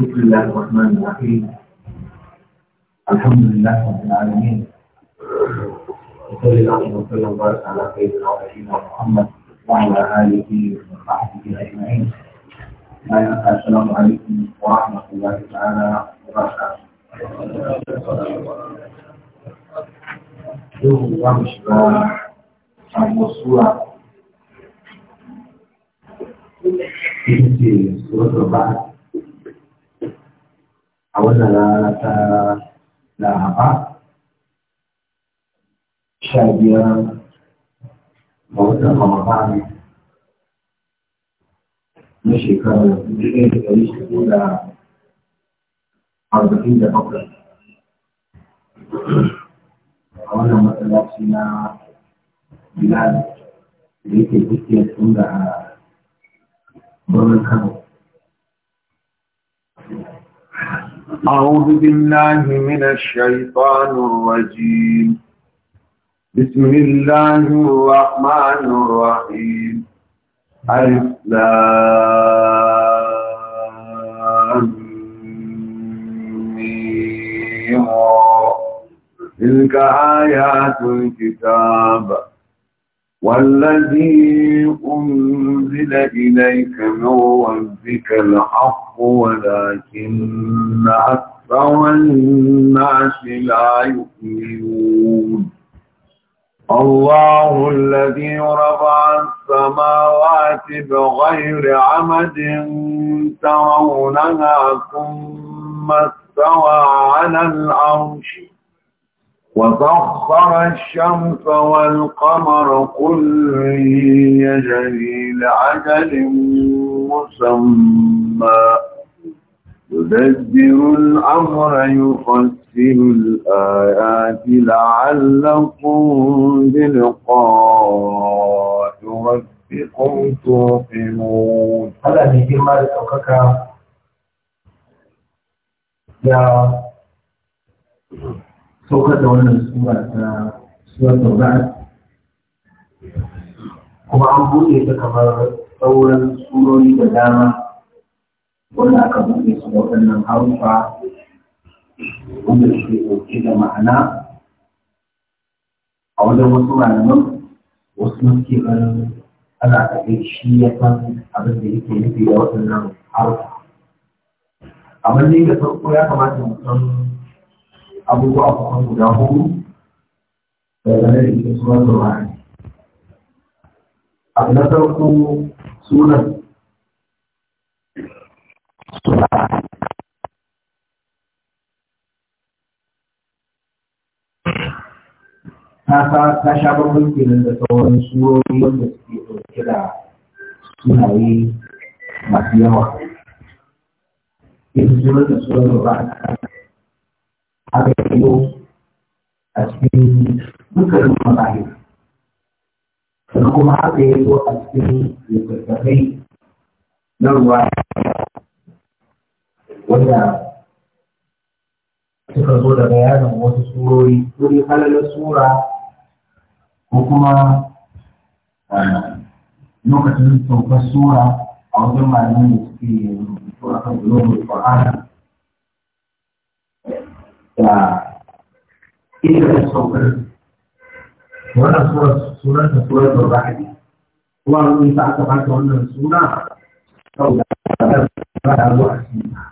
بسم الله الرحمن الرحيم الحمد لله رب العالمين وصلى الله وسلم وبارك على سيدنا ونبينا محمد وعلى اله وصحبه اجمعين السلام عليكم ورحمه الله تعالى وبركاته Yau za mu sura a wannan rana ta lahaba sha biyar ga watan na shekarar dubu da ɗari shekaru da arba'in da bakwai a wannan matsalaci na da yake kuke tun da kano أعوذ بالله من الشيطان الرجيم بسم الله الرحمن الرحيم الإسلام تلك آيات الكتاب والذي أنزل إليك من ربك الحق ولكن أكثر الناس لا يؤمنون الله الذي رفع السماوات بغير عمد ترونها ثم استوى على العرش وسخر الشمس والقمر كل يجري لعجل مسمى يدبر الأمر يفسر الآيات لعلكم بلقاء ربكم توقنون هذا يا saukar da wannan sura ta suwar taurari kuma an buɗe ta kamar sauran surori da dama wanda aka buɗe su da waɗannan harufa wanda suke ɗauke da ma'ana a wajen wasu malaman wasu suke ganin ana kaɗai shi ya san abin da yake nufi da waɗannan harufa amma ne da farko ya kamata mu san abubuwa kuma guda hudu daga nan da ke sunan Qur'ani abu na farko sunan suna ta sha babban kenan da tsawon surori wanda suke ɗauke da sunaye masu yawa. Ita sunan da sunan Qur'ani aka yi a cikin dukkanin mazahi sannan kuma aka yi zo a cikin littattafai na ruwa wanda suka zo da bayanin wasu surori wuri halalar sura ko kuma lokacin saukar sura a wajen malamin da suke rubutu a kan global ƙwararra da inda ta saukar wannan surar sunan ta surar da ra'adi kuma mun sa aka baka wannan suna saboda ba da zuwa cikin ta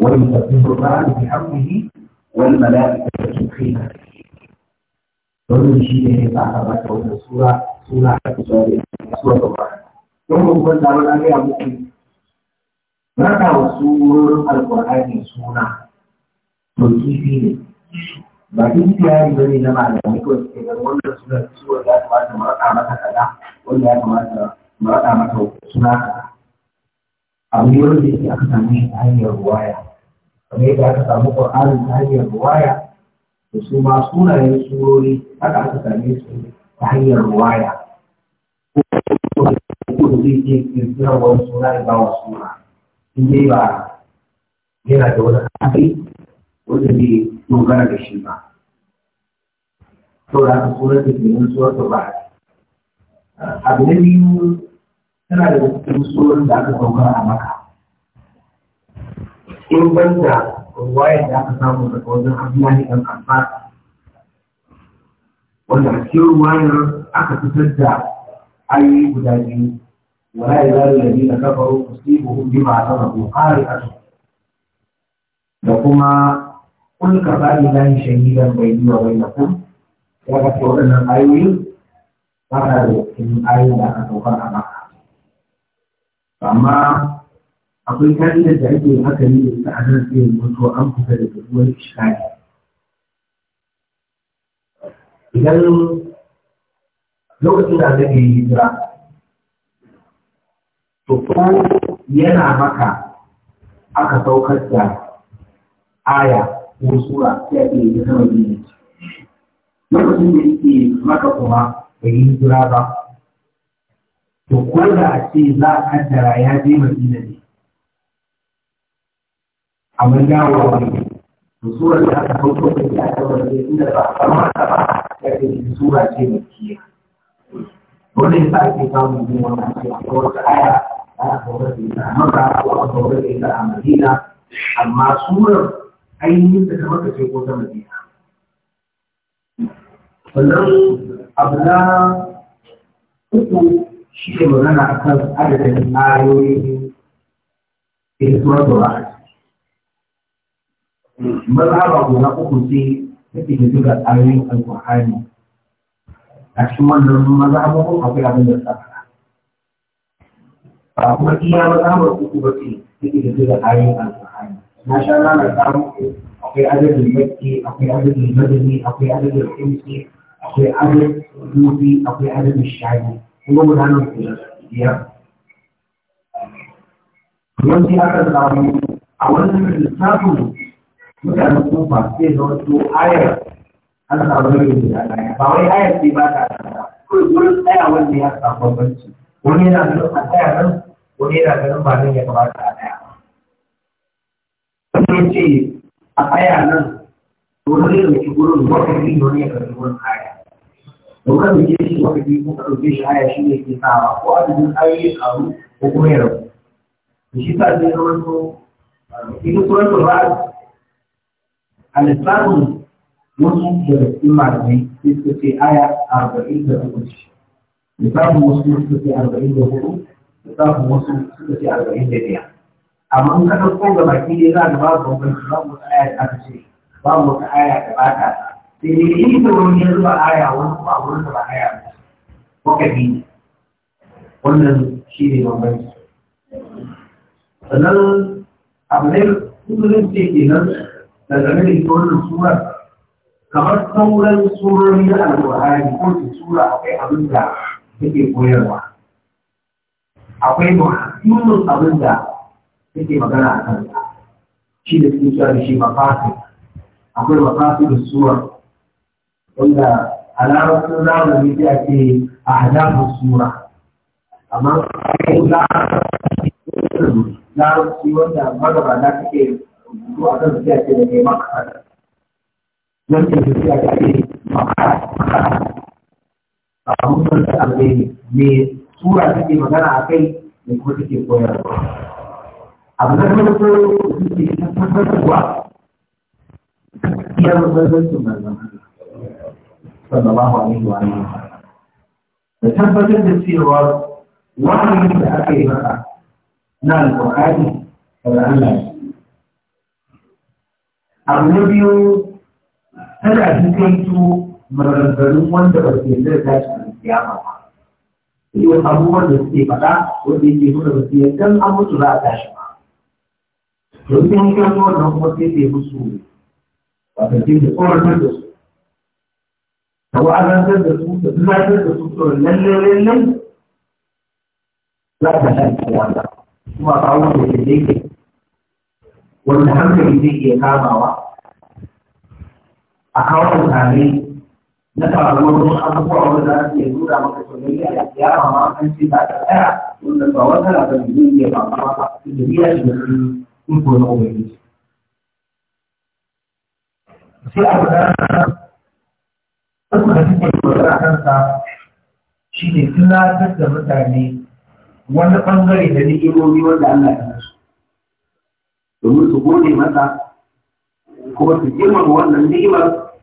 wani tafi ra'adi bi hamdihi wal mala'ikatu tasbihu wannan shi ne ya aka baka wannan sura suna aka tsare sura da ra'adi don mu kwanta mun an ga muku raka wasu alƙur'ani suna to kifi ne ba duk yari bane na malamai ko suke ga wanda suna ciwo ya kamata mu mata kaza wanda ya kamata mu mata suna kaza abu ne wanda yake aka samu shi ta hanyar ruwaya kamar yadda aka samu qur'ani ta hanyar ruwaya da su ma sunayen surori haka aka same su ta hanyar ruwaya ko da zai ke kirkirar wani suna ya ba wa suna in dai ba yana da wani hankali wanda bai dogara da shi ba saboda haka sunan da ke nan da ba a abu na biyu tana da cikin sunan da aka saukar a maka in banda ruwayar da aka samu daga wajen abdullahi ɗan abbas wanda a cikin ruwayar aka fitar da ayoyi guda biyu ولا يزال الذين كفروا تصيبهم بما كسبوا قارئة da kuma kun karɓa lillahi shahidan bai yi wa bai na kun ya ga ce waɗannan ayoyi ba ta da cikin ayoyin da aka saukar a maka amma akwai kariyar da ake haka ne da ita a nan sai mutu an fita da dubuwar iskari idan lokacin da zai yi hijira to ko yana maka aka saukar da aya ko sura ya ke yi zama ta madina lokacin da yake maka kuma bai yi hijira ba to ko da ce za a kaddara ya je madina ne amma dawowa ne to sura da aka kauko da ya ta wani inda ba a kama ta ba ya ke ce sura ce mai kiyaye wanda ya sa ake samun yin wani cewa a wata aya za a kawo da ita a maka ko a kawo da ita a madina amma surar ainihin ta ka ce ko ta madina sannan abu na uku shi ne magana a kan adadin ayoyin ilmuwar da ra'ayi mazhaba na uku ce take da duka ayoyin alkur'ani a cikin wannan mazhabobin akwai abin da tsaka ba kuma iya mazhabar uku ba ce take da duka ayoyin alkur'ani na sha ranar tsaruku akwai adadin akwai adadin madani akwai akwai dubi akwai kuma gudanar da aka a wannan lissafin mutanen ɗaya ba wai sai ba ta tsada ya wani yana ganin a tsaya nan wani yana ba ta ya a tsaya nan wani zai dauki gurin wakafi da wani ya karbi gurin haya da wani dauke shi wakafi ko ka dauke shi haya shi ne ke sawa ko adadin ayoyi karu ko kuma ya rabu da shi sa zai zama so ita kuran da ba a lissafin wasu daga cikin malamai sai suka ce aya arba'in da uku ce lissafin wasu suka ce arba'in da hudu lissafin wasu suka ce arba'in da biyar amma in ka ɗauko ga baki ne za ka ba ka bambanci ba mu aya da aka ce ba mu ka aya da ba ta sai ne yi ta wani ya ba aya wani kuma a wurin ba aya ba ko ka bi wannan shi ne bambanci sannan abu ne kusurin ce ke nan dangane da ita wannan surar kamar sauran surori na alƙur'ani ko su sura akwai abin da take koyarwa akwai muhimmin abin da yake magana a kan shi da suke cewa da shi mafasi akwai mafasi da suwa wanda a larabcin zamani ne a ke a hadafin sura amma larabci wanda magaba ta ke rubutu a kan sai a ce da ke makasa wanda su sai a ce makasa a da abu ne sura take magana a kai da kuma take koyarwa da abu na farko suke tabbatarwa gaskiyar zazzarcin manzan sallallahu alaihi wa alihi da tabbatar da cewa wani da aka yi maka na alƙur'ani daga Allah abu na biyu tana jikaito maganganun wanda ba su yarda da tashi a kiyama ba. Iyo abubuwan da suke faɗa wanda yake nuna ba su yarda an mutu za a tashi ba. to sai wannan da da su za ta kuma wanda ya a kawo mutane na faruwar wasu abubuwa wanda za su iya nuna maka to a tsaya wanda wata su biya shi da iko na ubangiji sai abu da wasu da suke dogara kansa shi ne tunatar da mutane wani ɓangare da ni'imomi wanda Allah ya nasu domin su gode masa kuma su girmama wannan ni'imar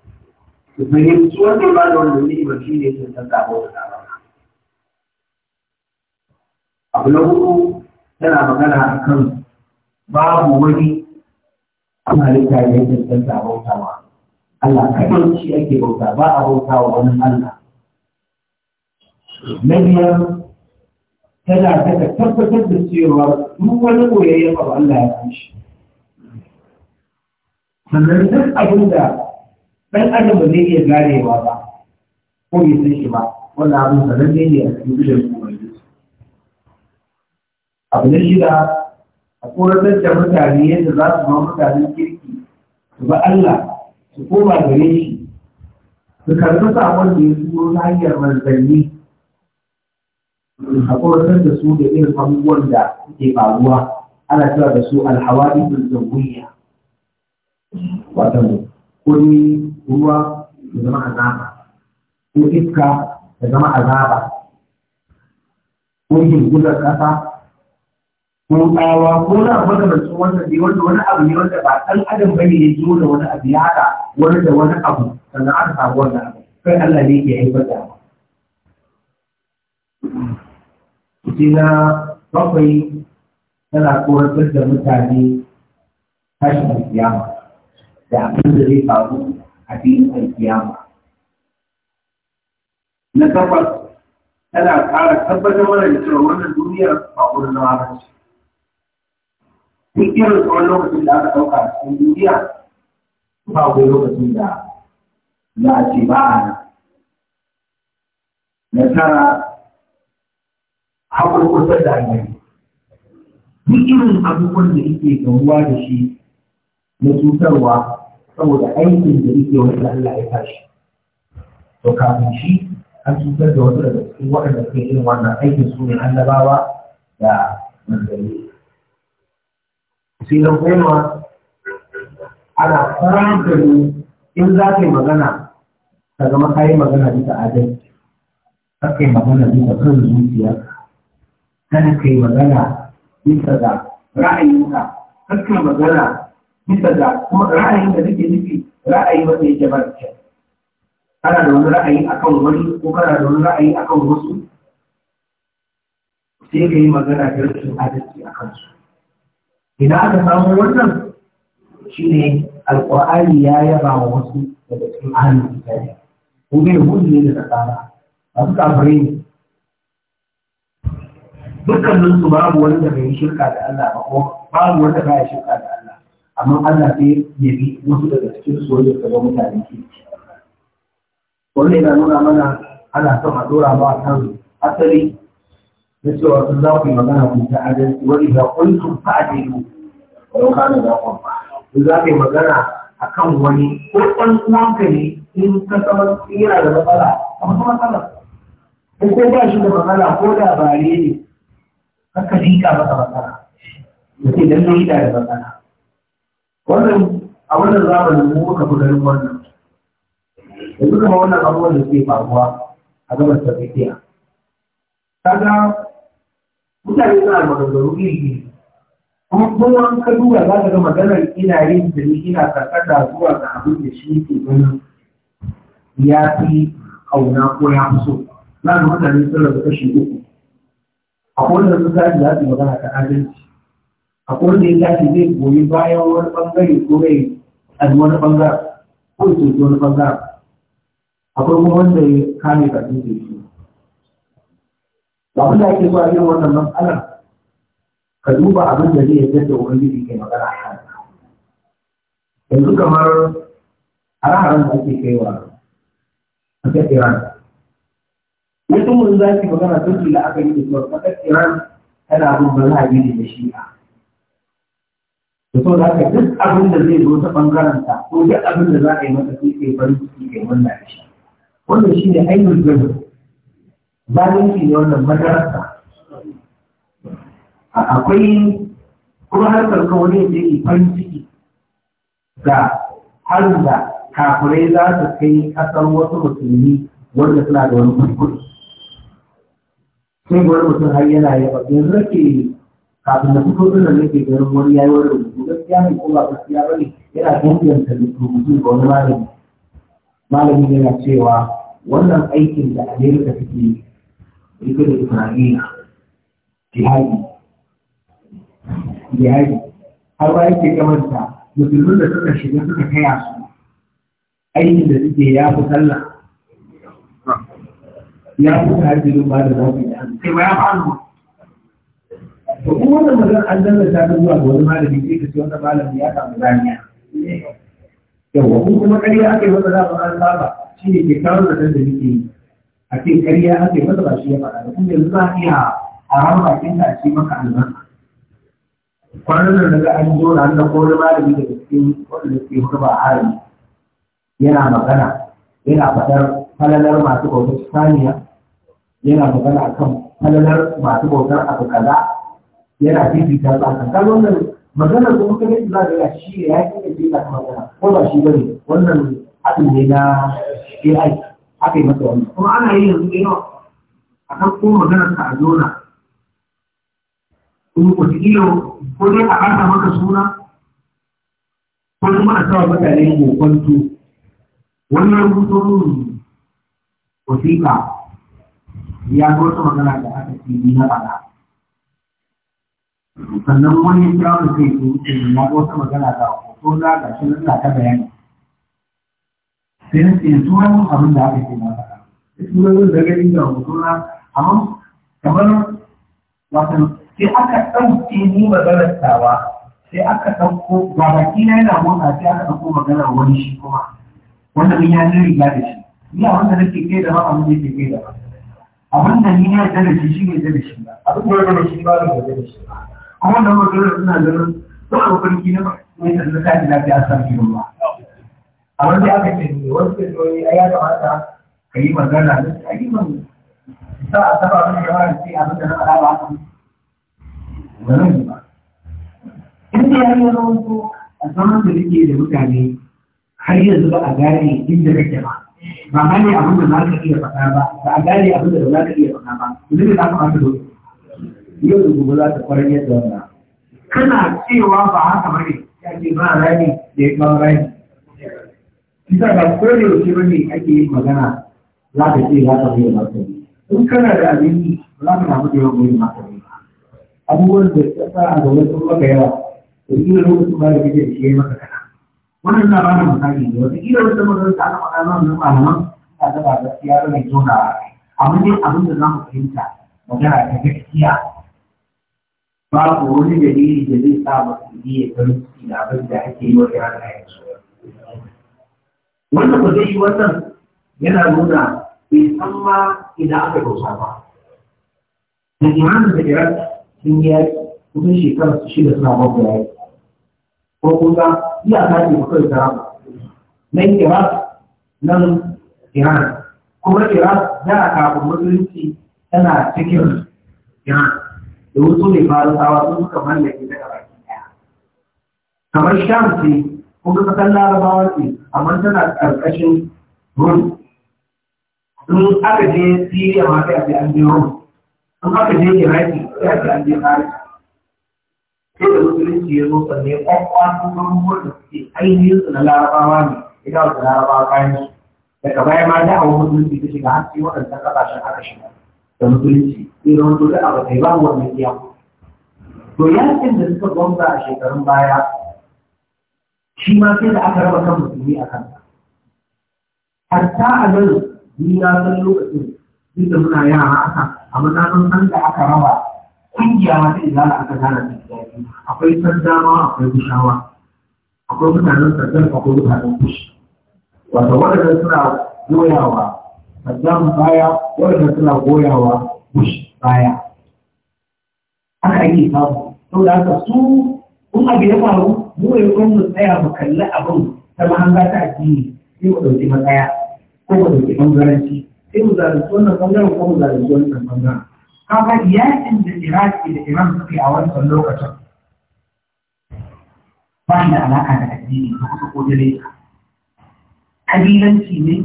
su fahimci wanda ba da wannan ni'imar shi ne sun san zaɓa wata abu na hudu tana magana a kan babu wani halitta da ke cancanta bautawa Allah kaɗai shi ake bauta ba a bautawa wani Allah na biyar tana daga tabbatar da cewa duk wani koyayyen abu Allah ya fi shi sannan duk abin da ɗan adam ba zai iya ganewa ba ko bai san shi ba wannan abin da ne a cikin gidan kuma abu na shida Akwai tsoratar da mutane yadda za su ma mutanen kirki su ba Allah su koma gare shi su karɓi sabon da ya turo ta hanyar manzanni a tsoratar da su da irin abubuwan da suke faruwa ana cewa da su alhawari da zanguniya wato kuri ruwa da zama azaba ko iska da zama azaba ko girgizar ƙasa Rukawa ko na makamancin wannan ne wanda wani abu ne wanda ba ɗan adam ne ya zo da wani abu ya haɗa wani da wani abu sannan aka samu wannan abu kai Allah ne ke haifar da abu. Kuce na bakwai tana korantar da mutane tashin alkiyama da abin da zai faru a filin alkiyama. Na tabbas tana ƙara tabbatar mana da cewa wannan duniyar ba wurin zama ba duk irin tsawon lokacin da aka ɗauka a cikin duniya ba akwai lokacin da za a ce ba a nan na tara haƙon kusa da hanyar duk irin abubuwan da yake gamuwa da shi na cutarwa saboda aikin da yake wanda Allah ya tashi to kafin shi an cutar da wasu daga cikin waɗanda suke irin wannan aikin su ne annabawa da manzanni sai na goma ana faranta da in za ka yi magana ka zama ka yi magana bisa adalci ka yi magana bisa kan zuciya kada ka yi magana bisa ga ra'ayinka ka ka magana bisa ga kuma ra'ayin da nake nufi ra'ayi wanda yake ba kyau kana da wani ra'ayi akan wani ko kana da wani ra'ayi akan wasu sai ka yi magana da rashin adalci a kansu idan aka samu wannan shi ne alƙwa'ari ya yaba wa wasu daga cikin ahalin kitabi ko bai hudu ne da nasara masu kafirai ne dukkanin su babu wanda bai shirka da Allah ba ko babu wanda bai shirka da Allah amma Allah sai ya bi wasu daga cikin su wanda ga mutane ke ci wannan yana nuna mana ana son a dora ba kan asali cewa sun za ku yi magana ku ta adalci wani da kuntum fa adilu wani kana da ku ku za ku yi magana a kan wani ko ɗan uwanka ne in ka zama tsira da matsala A amma matsala ko ko ba shi da matsala ko da bare ne haka rika masa matsala da ke dan rika da matsala wannan a wannan zamanin mu muka fi ganin wannan yanzu kuma wannan abubuwan da suke faruwa a gaban Ta kaga mutane suna maganganu iri kuma kuma an ka duba za ka ga maganar ina yin da ni ina da zuwa ga abin da shi ke ganin ya fi kauna ko ya fi so za ka mutane sun rabu kashi uku akwai wanda sun tashi za su magana ta adalci akwai wanda ya tashi zai goyi bayan wani bangare ko mai tsadi wani bangare ko ya wani bangare akwai kuma wanda ya kame bakin da shi ba abin da ake zuwa yin wannan matsalar ka duba abin da zai yadda da ubangiji ke magana a kan yanzu kamar har haren da ake kaiwa a kan iran wasu mun za ki magana sun kila aka yi da cewa kasar iran tana bin mazhabi da shi'a da so za ka duk abin da zai zo ta bangaren ta ko duk abin da za a yi mata sai kai farin ciki kai wannan shi wannan shi ne ainihin gaba zalunci ne wannan madarasa akwai kuma harkar karka wani yadda ke farin ciki ga har da kafirai za su kai kasar wasu musulmi wanda suna da wani kurkuri sai wani mutum har yana yaba yanzu rake kafin da fito ɗin da nake ganin wani yayi wani rubutu gaskiya ne ko ba gaskiya bane yana danganta rubutu ga wani malami malami yana cewa wannan aikin da Amerika take yi ita da Isra'ila jihadi jihadi har ba yake kamanta musulmin da suka shiga suka kaya su aikin da suke ya fi sallah ya fi hajjirin ba da zafi da hannu sai ba ya fa'alu to kuma wannan magana an zallata ta zuwa ga wani malami sai ka ce wannan malami ya samu zaniya yawa kuma ƙarya aka yi wata zaɓa an saba shi ne ke kawo da da muke yi a ce ƙarya ake masa ba shi ya faɗa da kuma yanzu za a iya a ran bakin ta ce maka albarka kwanan nan ga an zo ran da ko malami da cikin wanda ke hurba harami yana magana yana faɗar falalar masu bautar saniya yana magana kan falalar masu bautar abu kaza yana fifita ba kan kan wannan maganar kuma kuma za ga ya shi ya yi da ke magana ko ba shi ba ne wannan abin ne na AI haka yi masa wani kuma ana yi yanzu da yawa a kan ko maganar ka a zona kuma wataƙila ko dai a ƙasa maka suna ko kuma a sawa mutane kokwanto wani ya rubuto mun wasiƙa ya zo wata magana da aka ce ni na faɗa sannan wani ya kira wani kai ko ya zo wata magana da hoto na ga shi na ta bayani sai na tsaye sunan abin da aka ce na faɗa sunan da gani ga suna amma kamar wato sai aka ɗauke ni maganar tawa sai aka ɗauko ga baki na yana motsa sai aka ɗauko maganar wani shi kuma wanda mun ya zai riga da shi ni a wanda nake kai da ba a da yake kai da ba abin da ni ya yarda shi shi ne yarda da shi ba abin da ya yarda da shi ba da yarda da shi ba a wannan maganar suna ganin duk abokan kina mai da zaka lafiya san biyu ba a wanda aka ce ne wasu ke zoye a ya kamata ka yi magana da ta yi man sa a saba wani shawara ce abin da na faɗa ba haka ba zan ba in da ya yi wani wasu a saman da nake da mutane har yanzu ba a gane inda kake ba ba gane abin da za ka iya faɗa ba ba a gane abin da za ka iya faɗa ba yanzu ne za ka fata dole yau da gobe za ta kwarar yadda wannan kana cewa ba haka bane ya ce ba rani da ya kawo rani Bisa ba ko ne yaushe ba ne ake yin magana za ka ce za ka mai martani. In kana da abin yi za ka samu da yawan mai martani. Abubuwan da ta sa a zaune sun maka yawa, da yi lokacin ba da kake da shi ya maka kana. Wannan na ba da misali ne, wata iya wata makaranta ana magana wannan malaman ta gaba gaskiya ba mai tona a kai. Amma dai abin da za mu fahimta magana ta gaskiya babu wani dalili da zai sa masu ya ta ciki da abin da ake yi wa yaran yanzu. wannan ba zai yi wannan yana nuna bai san ma idan aka bauta ba da imanin da iraq sun yi yaki kusan shekara su shida suna mafi yaki ko kuma ta ce kawai Na nan kira nan iran kuma za da kafin musulunci tana cikin iran da wasu ne farisawa sun suka mallake daga baki daya kamar sham ce kuma kasar larabawa ce amma tana ƙarƙashin rum in aka je siriya ma sai a ce an je rum in aka je iraki sai a ce an je faris sai da musulunci ya zo sannan kwakwato ruwan da suke ainihin su na larabawa ne ita wata larabawa kayan su daga baya ma da hawa musulunci ta shiga har sai waɗannan ƙasashen aka shiga da musulunci sai zama to da abu sai ba wannan iya to yakin da suka gwamza a shekarun baya shi ma sai da aka raba kan musulmi a har ta a nan ni na san lokacin duk da muna yara haka a na san da aka raba kungiya ta iya aka gana da gidaje akwai san dama akwai gushawa akwai mutanen sandar akwai mutanen kushi wato waɗanda suna goyawa saddam baya waɗanda suna goyawa kushi baya haka ake samu saboda haka su kun abu ya faru mu ne kun mu tsaya mu kalli abin ta mahanga a jini sai mu ɗauki matsaya ko mu ɗauki ɓangaranci sai mu zalunci wannan ɓangaren ko mu zalunci wannan ɓangaren. Kaga yakin da Iraki da Iran suke a wancan lokacin ba da alaƙa da addini ba kusa ko dare ka. Kabilanci ne,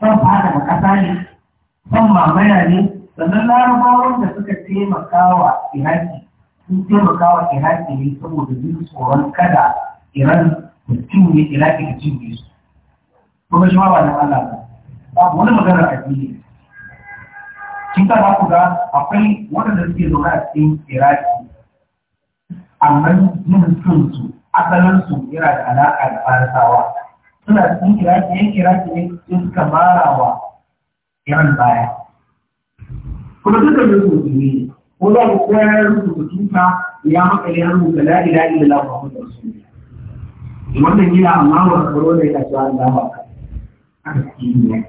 son fara da ƙasa ne, son mamaya ne, sannan larabawan da suka taimaka wa Iraki sun taimaka wa iraki ne saboda yin tsoron kada iran da ne iraki da cin su kuma shi ma ba na allah ba babu wani maganar ne kin ta za ku ga akwai waɗanda suke zaune a cikin iraki amma yin su, asalinsu yana da alaƙa da farisawa suna cikin iraki yan iraki ne sun suka mara wa iran baya kuma duka yin musulmi ne Kullum koyar rubutu ka ya makale an rubuta la ilaha illallah Muhammadu Rasulullah. Wannan yana amma wa karo da ya tashi an dawo a kan addini da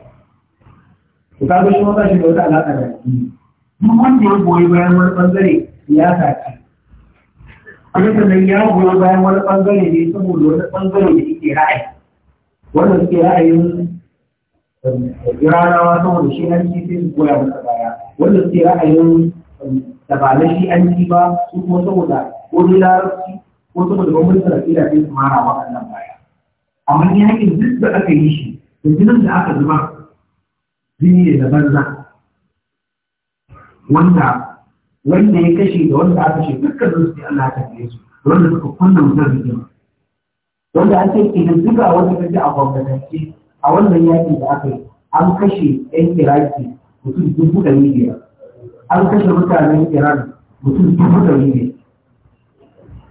To ka ga shi wata shi da wata alaƙa da addini. Duk wanda ya goyi bayan wani bangare siyasa ya bayan wani bangare ne saboda wani bangare da yake ra'ayi. Wanda suke ra'ayin eh, saboda shi ya suke ra'ayin da ba na shi an ci ba su kuma saboda wani larabci ko saboda bambancin da sai su mara waɗannan baya amma ni hakin duk da aka yi shi da jinin da aka zuba jini ne da banza wanda wanda ya kashe da wanda aka kashe dukkan su sai Allah ya tafiye su wanda suka kunna da rigima wanda an ce nan duka wanda ji a gwamnatance a wannan yaƙi da aka yi an kashe 'yan kiraki mutum dubu da biyar an kashe mutanen iran mutum dubu da ne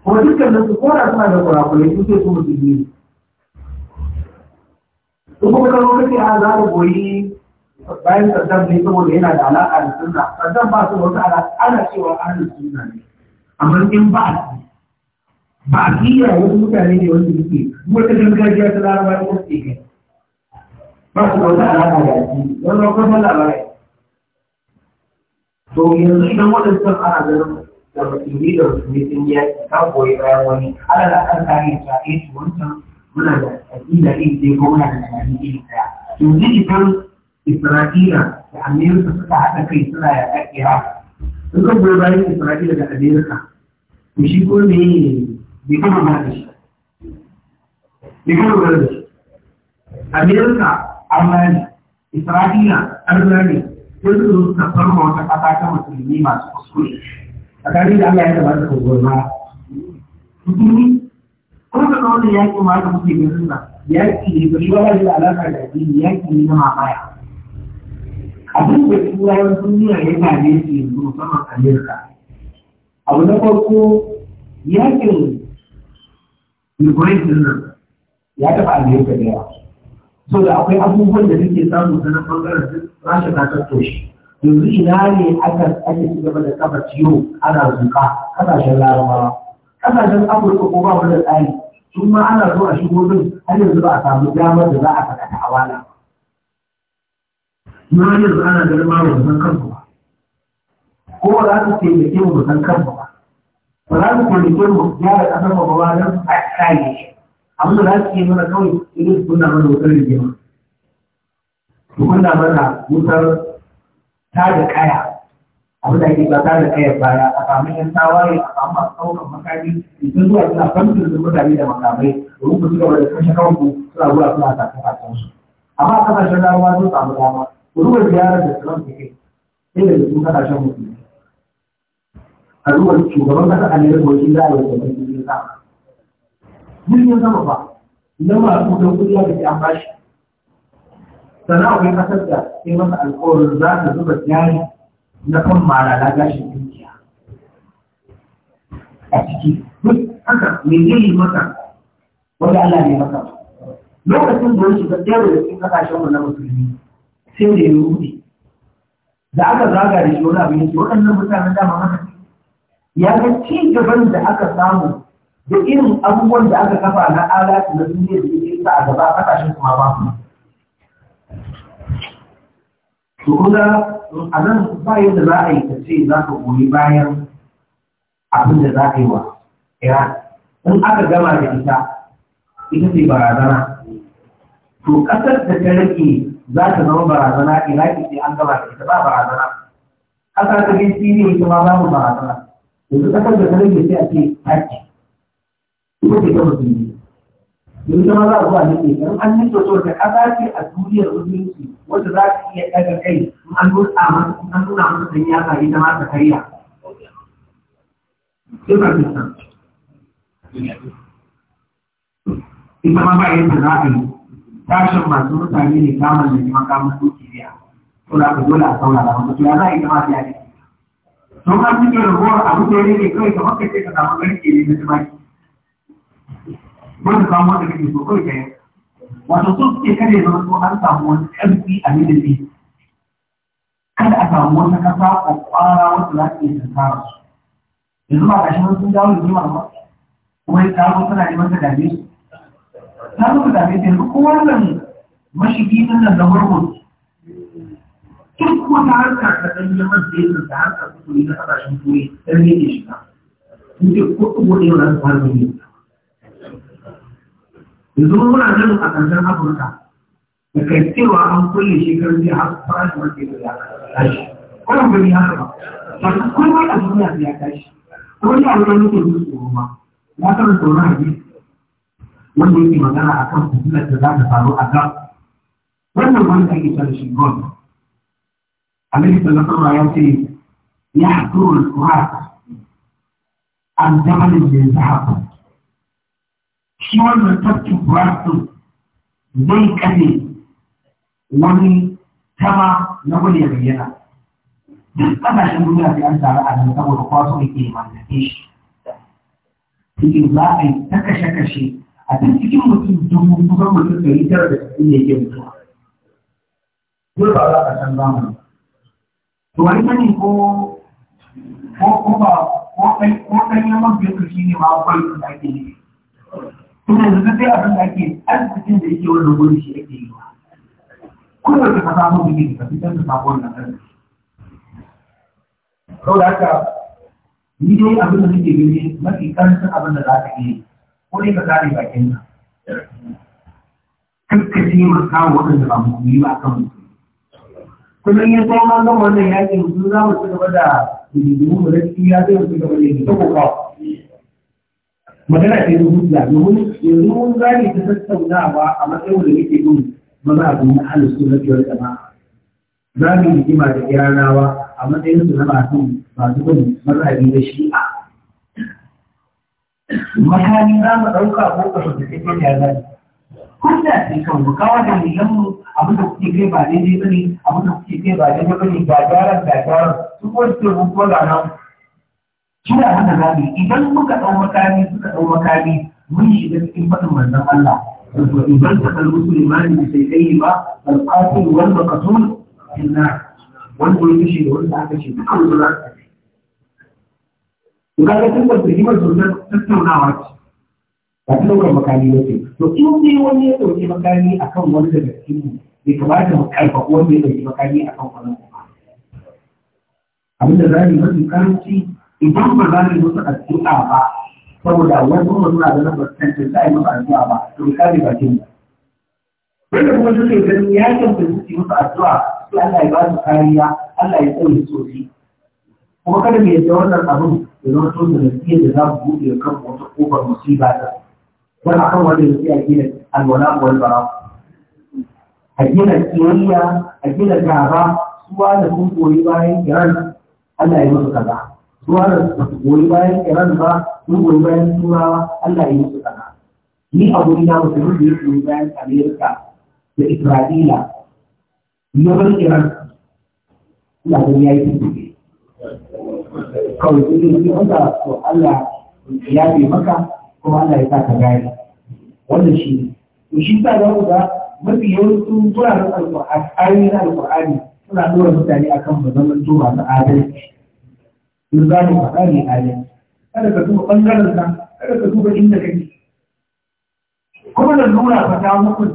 kuma dukkan nan su kora suna da kurakurai su ke kuma jini ne su kuma karo kake a ah, za mu goyi bayan saddam ne saboda yana da alaƙa da sunna saddam ba su wata alaƙa ana cewa ahlus sunna ne amma in ba a ba a kiyar wasu mutane ne wanda suke wata gargajiya ta larabawa ita suke kai ba su da wata alaƙa da shi wani wakon sallah to yanzu idan waɗansu ana ganin da musulmi da musulmi sun yi ta goyi bayan wani alal akan kare ta su wancan muna da aƙida iri ɗaya ko muna da tunani iri ɗaya yanzu idan isra'ila da amerika suka haɗa kai suna yaƙa iraq sun kan goyi bayan isra'ila da amerika to shi ko me bai kama ba da shi bai kama ba da shi amerika arna ne isra'ila arna ne sai su zo su tafar ma wata ƙasa ta musulmi masu kuskure a tare da Allah ya taba da kogorma musulmi ko da kawai yaƙi ma da muke ganin nan yaƙi ne ba shi ba da alaƙa da addini yaƙi ne na mamaya abin da turawan duniya ya gane su yanzu musamman Amerika abu na farko yaƙin Ukraine nan ya taɓa Amerika da yawa so da akwai abubuwan da suke samu ta nan bangaren rashin ta shi yanzu ina ne aka ake ci gaba da kafa ciwo ana zuka kasashen larabawa kasashen afirka ko ba wani tsari sun ma ana zuwa shigo din har yanzu ba a samu damar da za a faɗa ta awala na yanzu ana ganin ma ba san kanku ba ko ba za su taimake mu san kanku ba ba za su taimake mu gyara kasar mu ba don a kare shi amma za su yi mana kawai ido su kunna mana wutar rigima su kunna mana wutar ta da kaya abin da ake ba ta da kaya baya a samu yan tawaye a samu masu ɗaukar makami idan zuwa suna fantin da mutane da makamai domin ku cigaba da kashe kanku suna zuwa suna tafi kasan su amma a kasashen larabawa sun samu dama ku duba ziyarar da Trump ya kai sai da su kasashen musulmi a duba shugaban kasa Amerika wajen za a yi da mutum ya samu jirgin sama ba na masu da kuriya da an bashi sana akwai kasar da ke masa alkawarin za ta zuba jari na kan marala gashin dukiya a ciki duk haka mai yi maka wani Allah ne maka lokacin da ya shiga ɗaya daga cikin kasashen mu na musulmi sai da ya rudi da aka zaga da shi wani abin yake waɗannan mutanen dama haka ya ga ci gaban da aka samu da irin abubuwan da aka kafa na alatu na duniya da ke sa a gaba ƙasashen kuma ba su to kuma a nan ba yadda za a yi ta ce za ka goyi bayan abin da za a yi wa ira in aka gama da ita ita ce barazana to kasar da ta rage za ta zama barazana iraki ce an gama da ita ba barazana kasar ta ne ita ma ba mu barazana yanzu kasar da ta rage sai a ce taki ita ce ta musulmi yanzu ma za a zuwa nake idan an yi soso da ƙasa ce a duniyar musulunci wanda za ka iya ɗaga kai in an nuna masa in an nuna masa dan yaka ita ma ta karya sai Pakistan ita ma ba yadda za a yi tashin masu mutane ne kamar da kuma kamar doki biya to ka dole a saurara wanda to ya za a yi ta ma biya ne don an suke ragowar abu da ya ne kawai kamar ka ce ka samu garke ne na jimaki bari ka samu wanda kake so kawai kai wato so suke kada ya zama so an samu wani ƙarfi a lilifi kada a samu wata kasa ko kwara wata za ta iya tunkara su yanzu ba gashi sun dawo da zuwa ba kuma ya kawo suna neman ta dame su ta zo dame ta yanzu kuma wannan mashigi nan nan da murmur duk wata harkar ta ɗan yi yaman da ya tunta harkar kusuri na ƙasashen turai ɗan ne ke shiga in dai ko ɗin wani yau na su harkar ne yanzu mun muna nan a ƙarshen afirka da kai cewa an kulle shekarun biyu har farashin wanda ya tashi wannan gani haka ba wasu komai a duniya ya tashi wani abu da nake jin tsoro ma na kan tsoro hadisi wanda yake magana a kan fitilar da za ta faru a gab wannan wani ake cewa shi god alaihi sallallahu ya ce ya hakuru al-qurat an jamalin da ya zahaba shi wannan tafkin buraɗin zai kane wani tama na wani ya bayyana duk ƙasashen duniya sai an tara a nan saboda kwaso da ke mallake shi cikin za a yi ta kashe-kashe a duk cikin mutum dubu kusan mutum ɗari tara da ɗari ne ke mutuwa zai ba za a san zamani to wani sani ko ko ko ba ko ɗan yamma biyar shi ne ma kwai da ake nufi Ina yanzu sai abin da ake arzikin da yake wannan gurin shi ake yi ba. wa. da ka samu biki ka fitar da samu wannan arziki. Sau da haka ni dai abin da nake gani mafi karancin abin da za ka yi ko dai ka kare bakin ka. Kakkace ma kawo waɗanda ba mu yi ba kan mutum. kuma in sai ma nan wannan yaƙin su za mu ci gaba da rigimu mu ya zai mu ci gaba da yi ta kokawa. magana ta yi hujja domin yanzu mun ta tattaunawa a matsayin da muke gudu ba za a na halin su na biyar jama'a za mu yi jima da iranawa a matsayin su na masu masu gudu mazhabi da shi'a makami za mu ɗauka ko ka fata take da zai hujja ce kan mu kawo da miliyan mu abin da kuke kai ba daidai ba ne abin da kuke kai ba daidai ba ne ga gyaran ga gyaran su ko su ke kira haka zamu idan muka ɗau makami suka ɗau makami mun shiga cikin faɗin manzon Allah wato idan ta kalli musulmani da sai dai ba alqatil wal maqtul inna wanda ya kashe da wanda aka ce dukkan su za ka Ina ga tun da ta sosai tattaunawa ce, ba ta ɗaukar makami ba ce. To in dai wani ya ɗauki makami a kan wani daga cikin mu, bai kamata mu karfafa wani ya ɗauki makami a kan wani ba. Abin da za mu yi mafi karanci idan ba za mu yi musu addu'a ba saboda wasu mu suna da nabar tantu za a yi musu addu'a ba to ka ba bakin ba wanda kuma suke ganin ya kamata su yi musu addu'a sai Allah ya ba su kariya Allah ya tsaye sosai kuma kada mai yadda wannan abin da zama to da gaskiya da za mu buɗe kan wata kofar musiba ta wani akan wanda ya tsaya ake alwala wani bara a gina kiyayya a gina gaba suwa da sun koyi bayan kiran Allah ya musu kaza ruwanar ba su goyi bayan iran ba sun goyi bayan turawa allah ya musu sana ni a guri na musulmi da ya goyi bayan amerika da isra'ila yawan iran ina da ya yi tuntube kawai sun yi wani wanda to allah ya bi maka kuma allah ya sa ka gane wannan shi ne shi sa za mu ga mafi yawancin wuraren alƙur'ani ayoyin alƙur'ani suna nuna mutane akan ba zaman to masu adalci in za mu faɗa ne adalci kada ka duba ɓangaren ka kada ka duba inda kake kuma da nuna fata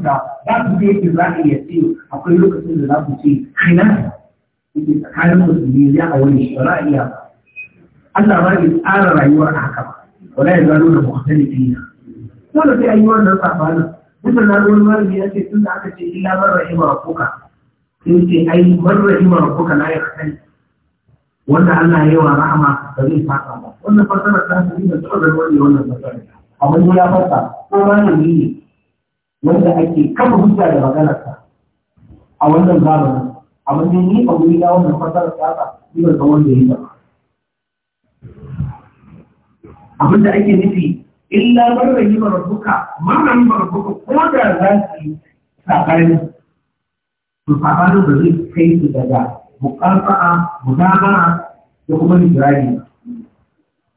ta za ku je ki za ka iya ce akwai lokacin da za ku ce kina yake tsakanin musulmi ya a wani shi ba za a iya ba. Allah ba ya tsara rayuwar a haka ba wala ya gano da mukhtalifina dole sai ayi wannan sabanin mutum na ruwan malami ya ce tun da aka ce illa man rahima rabbuka sai ce ai man rahima rabbuka la yahtali wanda Allah ya yi wa rahama da zai saka ba wannan fasara ta su yi da tsoron wani wannan fasara a ni ya fasa ko malami ne wanda ake kafa hujja da maganarsa a wannan zamanin a wani ni a wuri na wannan fasara ta ka ni da san wanda ya ba abinda ake nufi illa man yi rabbuka man rahima rabbuka ko da za su yi sabani su sabanin da zai kai su daga guda muzabara da kuma literari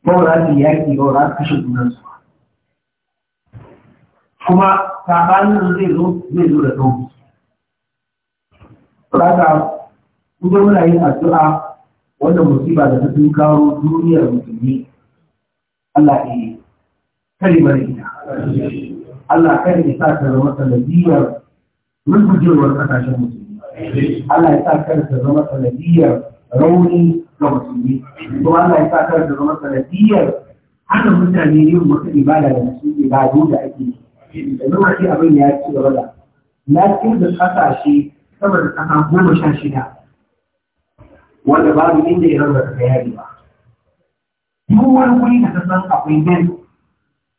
ba za su yaƙi ba za su kashe ba. kuma sabanin zai zo zai zo da ɗauki Raka, kuma muna yin addu'a wannan musiba da ta tun kawo duniyar musulmi Allah ya kare mana ita. Allah kare ne sa ta zama sanadiyar rubujewar ƙasashen musulmi. Allah ya sa kar ta zama sanadiyar rauni ga musulmi kuma Allah ya sa kar ta zama sanadiyar hana mutane yin wata ibada da su ibadu da ake yi da zama shi abin ya ci gaba da lafiyar da kasashe sama da kasa goma sha shida wanda babu inda ya rarraka rarraba yari ba duk wani wuri da ta san akwai nan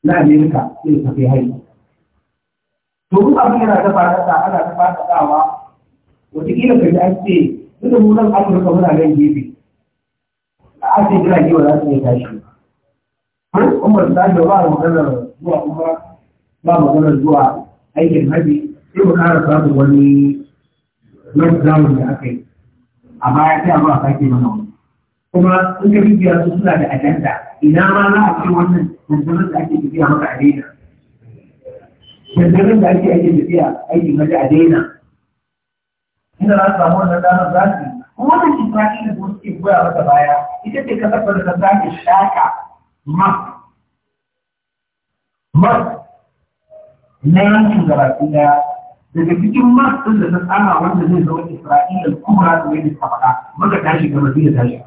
na Amerika sai ta kai hari. Domin abin yana ta fara ana ta fara wataƙila ka ji an ce duka mu amurka muna nan gefe a ake jira za su iya tashi umar ta da ba maganar zuwa umar ba maganar zuwa aikin haji sai mu kara samun wani lockdown da aka yi a baya sai a ba sake mana kuma in ka bibiya su suna da ma za a ce wannan dandamin da ake tafiya maka a daina da ake inda za su samu wannan damar za su yi wannan kifafi da kuma suke goya mata baya ita ce kasar da ta sake shaka ma ma na yankin gabaki daga cikin ma ɗin da ta tsara wanda zai zama isra'ila kuma da wani ta faɗa maka tashi ga zai tashi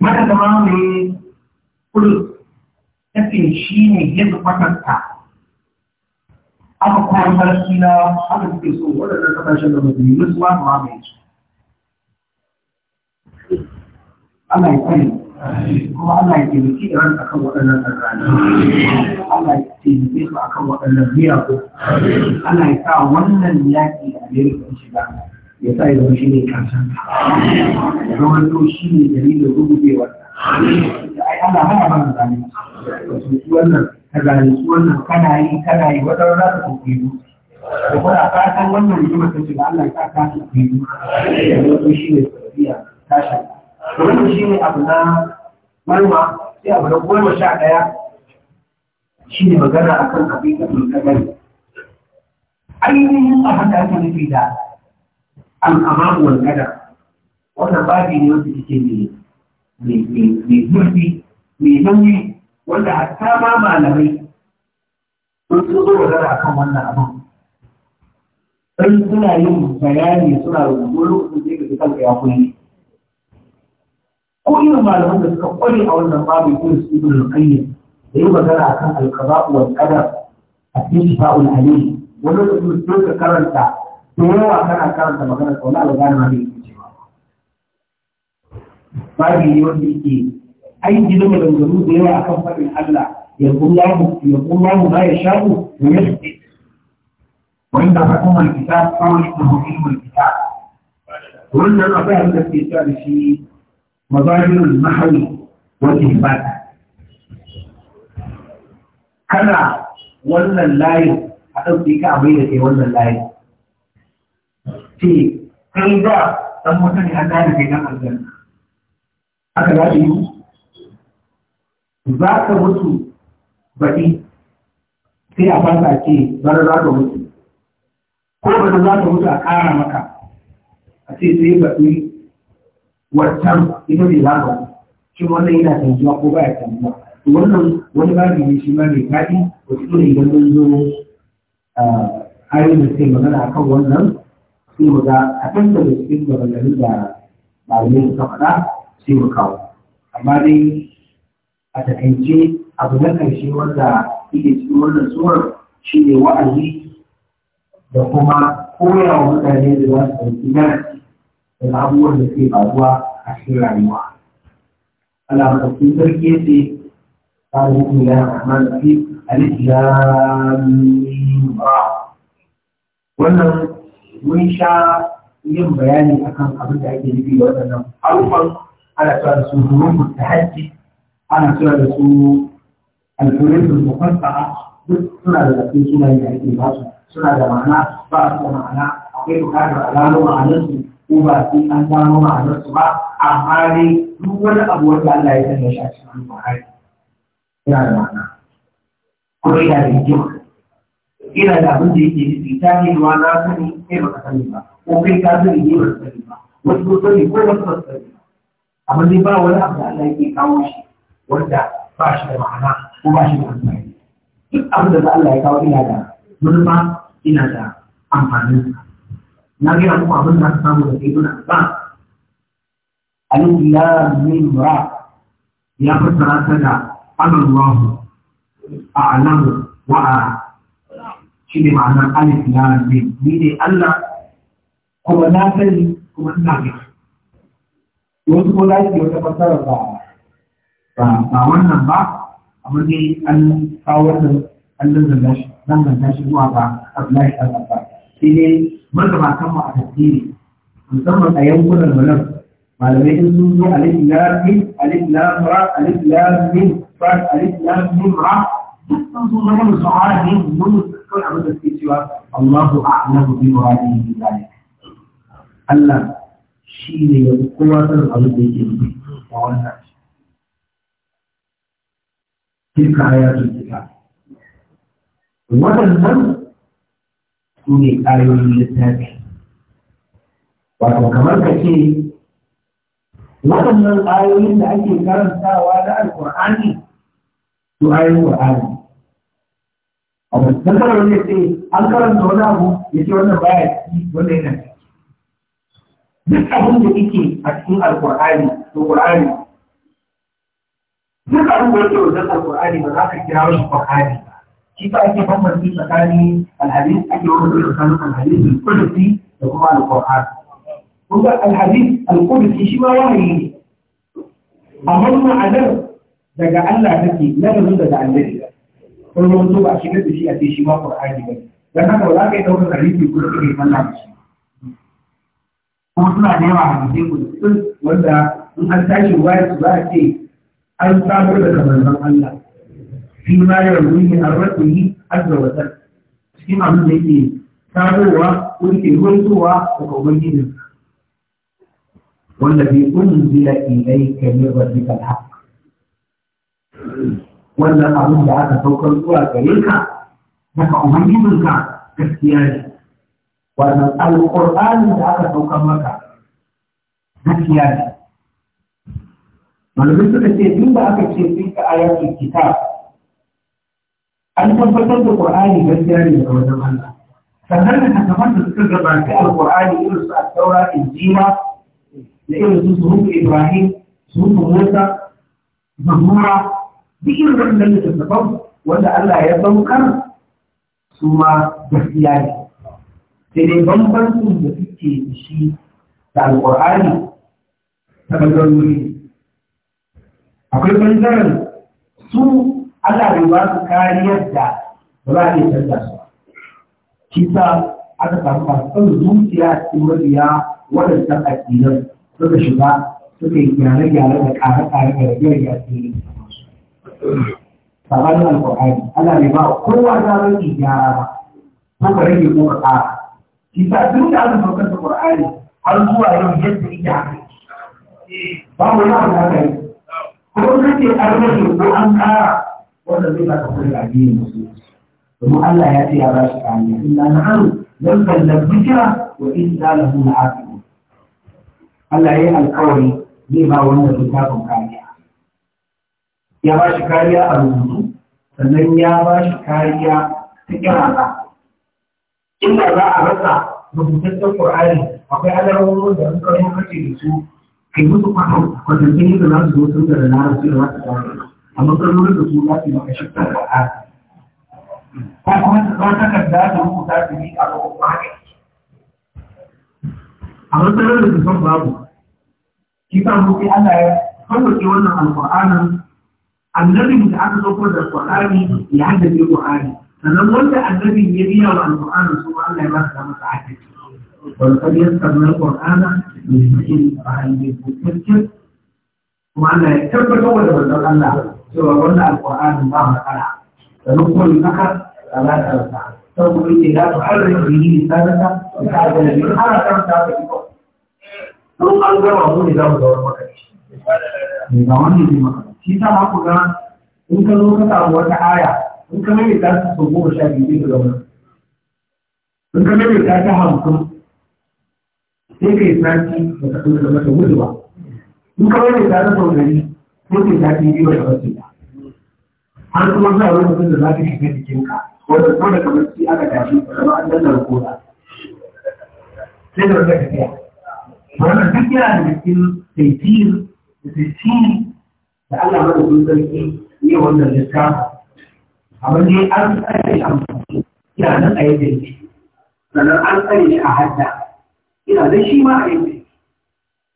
maka zama mai kudu ta ce shi ne yadda kwatanta aka kwan sarki na aka suke so waɗannan kasashen da mutum yi musu wani ma mai ci. Allah ya kwari kuma Allah ya taimaki da ranka kan waɗannan sarrani. Allah ya taimake su a kan waɗannan miyagu. Allah ya sa wannan yaƙi da Amerika ta shiga ya sa ya zama shi ne ƙarshen ta. Ya zama to shi ne dalilin rubutewar. Da ai Allah hana ba da zalunci. Wannan ka zalunci wannan kana yi kana yi wata rana ka kuke mu da kuna fatan wannan rigima ta ce Allah ya ka kuke mu da shi ne tafiya tashi wannan shi ne abu na marma sai abu na goma sha ɗaya shi ne magana akan kan abin da mun gani ainihin abin da ake nufi da al'amamu wani kada wannan babi ne wanda yake mai mai mai zurfi mai nauyi wanda hatta ma malamai sun su zo da kan wannan abin Sai suna yin bayani suna rubutu lokacin da yake kanka ya kulle ko irin malaman da suka kware a wannan babu irin su ibn al-qayyim da yi magana akan al-qada wal qadar a cikin shifa'ul alim wani lokacin da suka karanta da yawa kana karanta magana sau na al-gani ma bai ba. babu ne wanda yake Ai an gina maganganu da yawa akan faɗin Allah ya kullahu ya kullahu ma ya shafu wa ya shi wanda hukumar kitab kawai ta hukumar kitab wannan akwai abin da ke sa da shi mazahirul mahawi wata ibada kana wannan layin a ɗauke ka abai da ke wannan layin ce kai da ɗan mutane an da kai ɗan aljanna aka zaɓi yi za ka mutu baɗi sai a fasa ce bana za ka mutu ko bana za ka mutu a ƙara maka a ce sai baɗi wancan ita ne za ka shi wannan yana canjuwa ko baya canjuwa wannan wani babi ne shi ma mai ko su ne idan mun zo ayoyin da sai magana a kan wannan sai mu ga a ɗan da cikin maganganun da malamai suka faɗa sai mu kawo amma dai a takaice abu na karshe wanda yake cikin wannan tsoron shi ne wa'azi da kuma koya wa mutane da za su ɗauki darasi daga abubuwan da ke faruwa a cikin rayuwa. Allah maɗauki sarki ya ce, Tsarin mutum ya rahman rafi alif ba. Wannan mun sha yin bayani akan abin da ake nufi da waɗannan abubuwan ana cewa da su hurufun ta hajji ana kira da su alfurinsu da kwanta duk suna da zafi suna yi da ake ba su suna da ma'ana ba su da ma'ana akwai bukatar a gano ma'anarsu ko ba su an gano ma'anarsu ba amma dai duk wani abu wanda Allah ya sanya shi a cikin Buhari yana da ma'ana ko yana da hikima ina da abin da yake nufi ta ne ruwa na sani kai baka sani ba ko kai ka sani ne ka sani ba wasu ko sani ko wasu ba sani ba. amma dai ba wani abu da Allah yake kawo shi wanda ba shi da ma'ana ko ba shi da amfani duk abin da Allah ya kawo ina da gurma ina da amfanin na gina kuma abin da aka samu da sai nuna ba alif lam mim ra ya fassara ta da a a'lamu wa a shi ne ma'anar alif ya mim ni ne Allah kuma na sani kuma ina gina wasu ko za su yi wata fassara ba ba wannan ba amma dai an kawo wannan an danganta shi danganta shi zuwa a Abdullahi dan Abbas sai dai kan mu a tafsiri musamman a yankunan malam malamai din sun zo alif lam mim alif lam ra alif lam mim fa alif lam mim ra duk sun zo zama da sahabi mun kawai abin da suke cewa Allahu a'lamu bi muradihi zalik Allah shi ne ya kowa sanin abin da yake nufi a wannan tilka ayatul kitab waɗannan su ne ƙayoyin littafi wato kamar ka ce waɗannan ƙayoyin da ake karantawa na alƙur'ani su ayoyin ƙur'ani a wasu nasarar ne sai an karanta wani abu ya ce wannan baya ciki wannan yana ciki duk abin da yake a cikin alƙur'ani to ƙur'ani duk abin da yake wajen alƙur'ani ba za ka kira shi qur'ani shi ba ake bambanci tsakanin alhadis ake wani tsakanin alhadis al-qudsi da kuma al-qur'an kun ga alhadis al-qudsi shi ma wahayi ne amma ma'anar daga Allah take lafazin daga annabi kun yi wato ba shi da shi a ce shi ma qur'ani ba dan haka ba za ka yi daukar hadisi ko ka yi sallah ba shi kuma suna da yawa hadisi ko wanda in an tashi ruwaya su za a ce an samar da kamanzan Allah shi ma ya rubuyi an yi azza wa jal cikin abin da yake sabowa ko yake ruwantowa daga ubangijin wanda bai unzila ilayka min rabbikal haqq wannan abin da aka saukar zuwa gare ka daga ubangijin ka gaskiya ne wannan alqur'ani da aka saukar maka gaskiya ne malamai suka ce tun da aka ce sun ka ayatul kitab an tabbatar da qur'ani gaskiya ne a wajen Allah sannan da hakaman da suka gabata alqur'ani irin su at-taura injila da irin su suhuf ibrahim suhuf musa zamura duk irin wannan littattafan wanda Allah ya saukar su ma gaskiya ne sai dai bambancin da suke da shi da alqur'ani ta bangarori akwai ɓangaren su Allah bai ba su kariyar da ba za a canza su ba kisa aka samu masu tsan zuciya a cikin mabiya a addinan suka shiga suka yi gyare-gyare da ƙare-ƙare da rage-rage a cikin sabanin alƙur'ani Allah bai ba kowa damar yi gyara ba ko ka rage ko ka ƙara kisa duk da aka saukar da ƙur'ani har zuwa yau yadda yake haka babu mu abu da aka yi ko kace an rage ko an kara wanda zai ba ka kula da addinin musulunci domin Allah ya ce ya ba shi kariya inna na'am lam kallabika wa inna lahu la'aqibu Allah ya yi alƙawari zai ba wanda zai littafin kariya ya ba shi kariya a rubutu sannan ya ba shi kariya ta kirasa inda za a rasa rubutaccen Qur'ani akwai alamomin da an yi kace da su kai musu kwanan kwanakin yadda za su zo sun da larabci da za su kwanan a matsalolin da su za su yi maka shakka da a ko kuma su zo ta kan da su rubuta su yi a babban kwanan a matsalolin da su san babu shi sa mu sai Allah ya sauƙaƙe wannan alƙur'anin annabi da aka zo da alƙur'ani ya haddace ƙur'ani فلما قلت الذي يبين القران ثم قال يا بس انا تعبت قلت القران من سكين رحل بكتشف ثم قال لي كم تقول لك قال لا ثم قلنا القران الله تعالى فنقول فقط ثلاثة ساعات ثم قلت لا تحرك به لسانك وتعب الذي حرك ثم قال له هو نظام دور مكه نظام نظام كيف تعرف ان كان لوكا in ka mai ta su sau goma sha biyu zai zauna in ka mai ta ta hamsin sai ka yi sati da ka tsoka da mata gudu ba in ka mai ta ta sau gari sai ka yi sati biyu da wasu ta har kuma za a wani da za ka shiga jikinka wanda ko da kamar shi aka tashi kamar an danna koda sai da wanda ka tsaya wannan duk yana da cikin taitir da taitir da Allah madaukakin sarki ne wannan littafin amma dai an tsare shi amfani ina nan a yadda yake sannan an tsare ne a hadda ina nan shi ma a yadda yake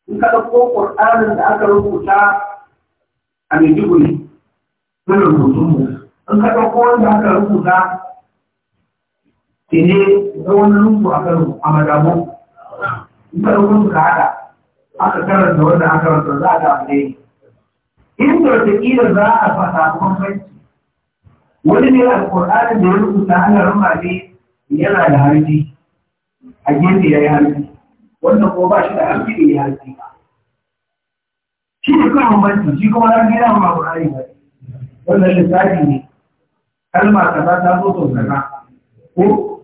in ka ɗauko ƙur'anin da aka rubuta a Maiduguri sun rubutun mu in ka ɗauko wanda aka rubuta ke ne da wani rubu aka rubuta a madamu in ka ɗauko su ka haɗa aka karanta wanda aka rubuta za a ga ne inda wata ƙila za a fasa kuma banki wani ne alƙur'ani da ya rubuta ana rama ne yana da harfi a gefe ya yi harfi wanda ko ba shi da harfi da ya harfi ba shi ne kuma mamanci shi kuma ran gina ma ƙur'ani ba wanda lissafi ne kalma kaza ta zo sau kaza ko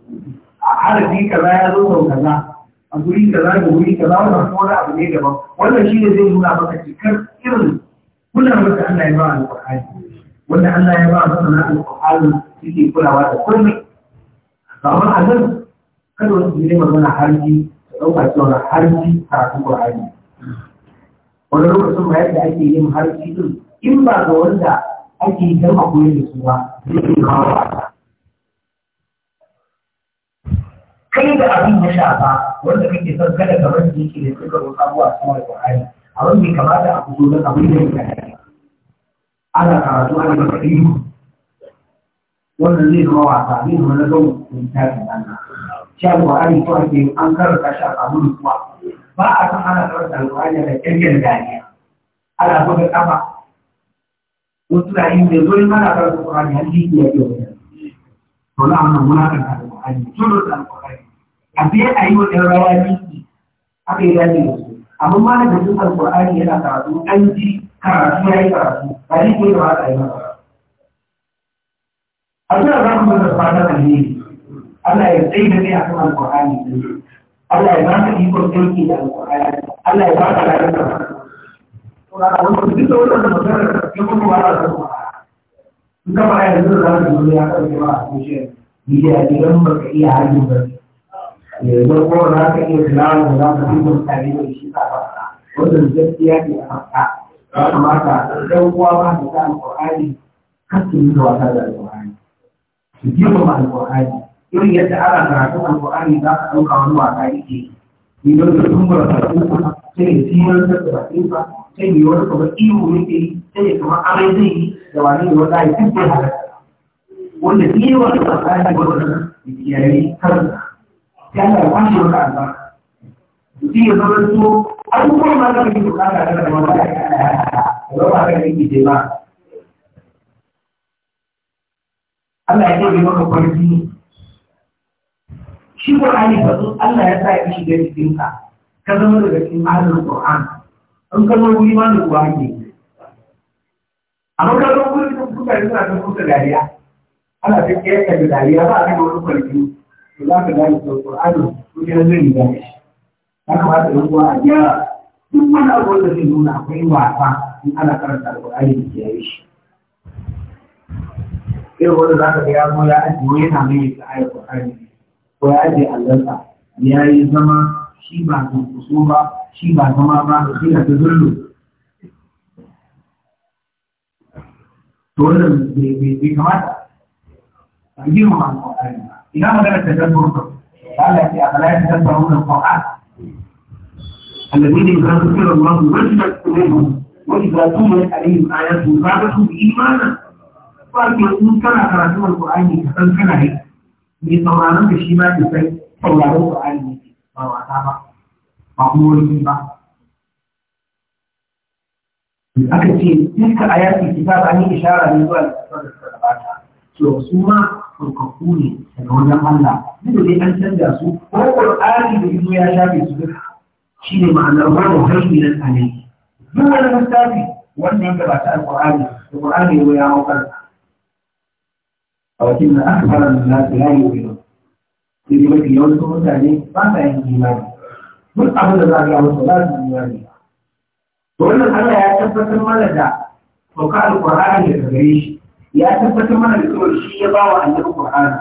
a harfi kaza ya zo sau kaza a guri kaza da guri kaza wannan kuma wani abu ne daban wannan shi ne zai nuna maka cikar irin kullum da Allah ya ba alƙur'ani wanda Allah ya ba wa su sana'ar Qur'ani suke kulawa da komai kamar a nan kada wasu ne magana harji da ɗauka cewa harji karatu Qur'ani wani lokacin ma yadda ake yin harji ɗin, in ba ga wanda ake yi don a koyar da su ba zai kawo ba kai da abin ya shafa wanda kake son kada kamar bar jiki da suka roƙa abuwa sama da Qur'ani abin bai kamata a fito abin da ya ana karatu ana maka ihu wannan zai zama wasa zai zama na zau mai tafi ɗana shi alƙur'ani ko ke an karanta shi a samu kuwa ba a san ana karanta alƙur'ani da ƙirƙir dariya ana buga ƙafa wasu da yin da zo mana karanta alƙur'ani har jiki ya ke wajen to na amma muna kan alƙur'ani tun da alƙur'ani a biya a yi wa ɗan rawa jiki aka yi dace da su amma malamin duk alƙur'ani yana karatu an ji karatu ya yi karatu ba yi ke da wata yi masa abin da za mu da fata da ne Allah ya tsaye da kai akan alƙur'ani din Allah ya ba ka ikon aiki da alƙur'ani Allah ya ba ka lafiya to da wannan duk da wannan magana ya kuma ba da su in ka ba yanzu za ka yi ya karɓi ba a kushe ni da gidan ba baka iya hajjin ba yanzu ko za ka iya tilawa da za ka fi mutane ne shi ka faɗa wannan gaskiya ne a faɗa ya kamata ɗan uwa ba da ta alƙur'ani kar su yi da wasa da alƙur'ani su girmama alƙur'ani irin yadda ana karatu alƙur'ani za ka ɗauka wani wasa yake idan ka tumbura karatu sai ya tiyan da bakin ba sai ya wani kamar ihu yake yi sai ya kamar amai zai yi da wani ne wanda ya fi halatta wanda iya wani wasa ne wanda ya yi kansa Yana da kwashe maka albarka mutum ya zama so abubuwan ma zama yin bukata da zama ba da yawa da ya ce ba Allah ya ce maka kwarji shi ko Qur'ani fa Allah ya sa ya shiga cikin ka ka zama daga cikin ahlul Qur'an An ka zo wuri ma da ruwa ne amma ka zo wuri da kuka yi suna da kuka dariya ana ta kiyar da dariya ba a kai wani kwarji to za ka gane sau ƙur'ani duniya zai riga shi ya kamata yan uwa a gyara duk wani abu da zai nuna akwai wasa in ana karanta alƙur'ani da kiyaye shi irin wanda za ka ga ya zo ya ajiye yana mai ta ayar ƙur'ani ko ya ajiye allansa ya yi zama shi ba zunkusu ba shi ba zama ba shi na ta zullu to wannan bai kamata a girma alƙur'ani ina magana tadabbur قال Allah ya fara ya tadabbur الذين إذا ذكر الله وجلت إليهم وإذا تليت عليهم آياته زادتهم إيمانا ولكن إن كما قراءة القرآن كفن كان هيك من صورة بشيما كفن صورة القرآن ما وعتابا مأمور بما aka ce duka ayatul kitab an yi ishara ne zuwa ku ne daga wajen Allah duk da an canza su ko Qur'ani da Ibnu ya shafe su duka Shi shine ma'anar wani haimi na ne. duk wani lissafi Wannan ya gabata Al-Qur'ani da ƙur'ani ya ya haukar a wajen na akbar Allah la yu'minu sai dai mafi yawancin mutane ba sa yin imani duk abin da za a ga musu ba su imani to wannan Allah ya tabbatar mana da sauka Al-Qur'ani daga gare shi ya tabbatar mana da cewa shi ya bawa annabi Qur'ani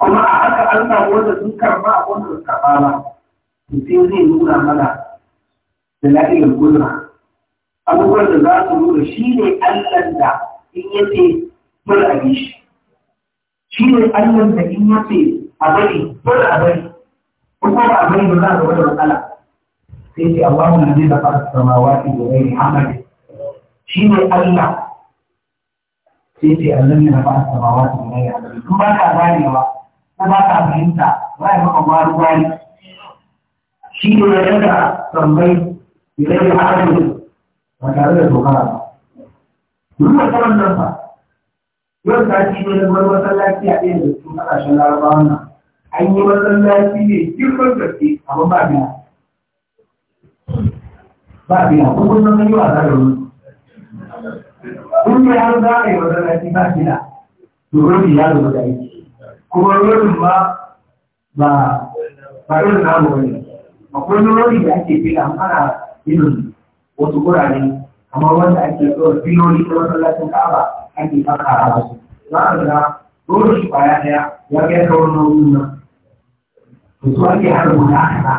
kuma a haka an samu wanda sun karba a wanda suka da sai zai nuna mana da lafiyar gudura abubuwan da za su nuna shi ne Allah da in ya ce bar a bi shi shi ne Allah da in ya ce a bari bar a bari kuma ba a bari ba za a da matsala sai ce Allahumma ladzi da fara samawati wa ghairi hamad shi ne Allah sai ce allon yana ba a samawa su ne ya in ba ka ganewa ko ba ta fahimta ba ya maka gwari gwari shi ne ya daga tambayi idan ya haɗa ne ba tare da dokara ba duk da karan nan ba yau ta ci ne wani masallaci a ɗaya da cikin ƙasashen larabawa nan an yi masallaci ne girman gaske amma ba biya ba biya kuma sun yi wa da wani in dai za a yi masallaci ba shi domin ya zama da aiki kuma rodin ma ba ba irin namu bane akwai lori da ake fila ana irin wasu gurare kamar wanda ake tsoro filoli na masallacin ka'aba ake fakara ba su za a ga rodin shi kwaya daya ya kai kawar nauyin nan to su ake hada guda a kaza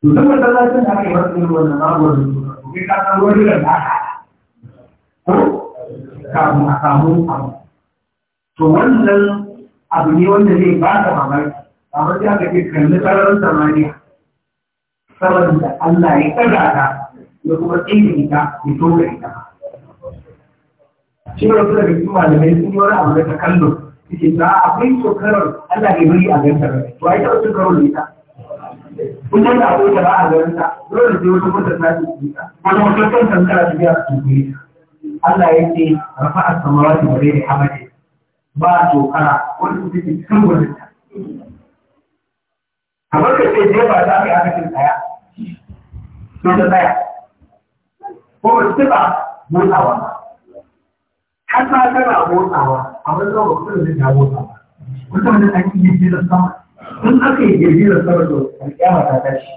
to duk masallacin da ake wasu irin wannan babu wani suna to kai ka san rodin da ba kafin a samu abu to wannan abu ne wanda zai ba ka mamaki amma sai aka ce kalli sararin samaniya saboda Allah ya tsada ta ya kuma tsaye ita ya toga ita shi ne wasu daga cikin malamai sun yi wani abu da ta kallo suke ta akwai tsokarar Allah ya bari a ganta to ai ta tsokarar da ita kun yadda akwai ta ba a ganta dole sai wata kwanta ta ce ta wata kwanta ta ce ta ce ta Allah ya ce rafa a da wa da hamadi ba a tokara wani mutum ne kan gudun ta kamar ka ce jefa za a yi akashin tsaya So ta tsaya ko ba su ba motsawa ba har ma tana motsawa a wani zama ba kuma da ta motsawa wata wani an yi da sama sun aka yi da sama da alƙiyama ta tashi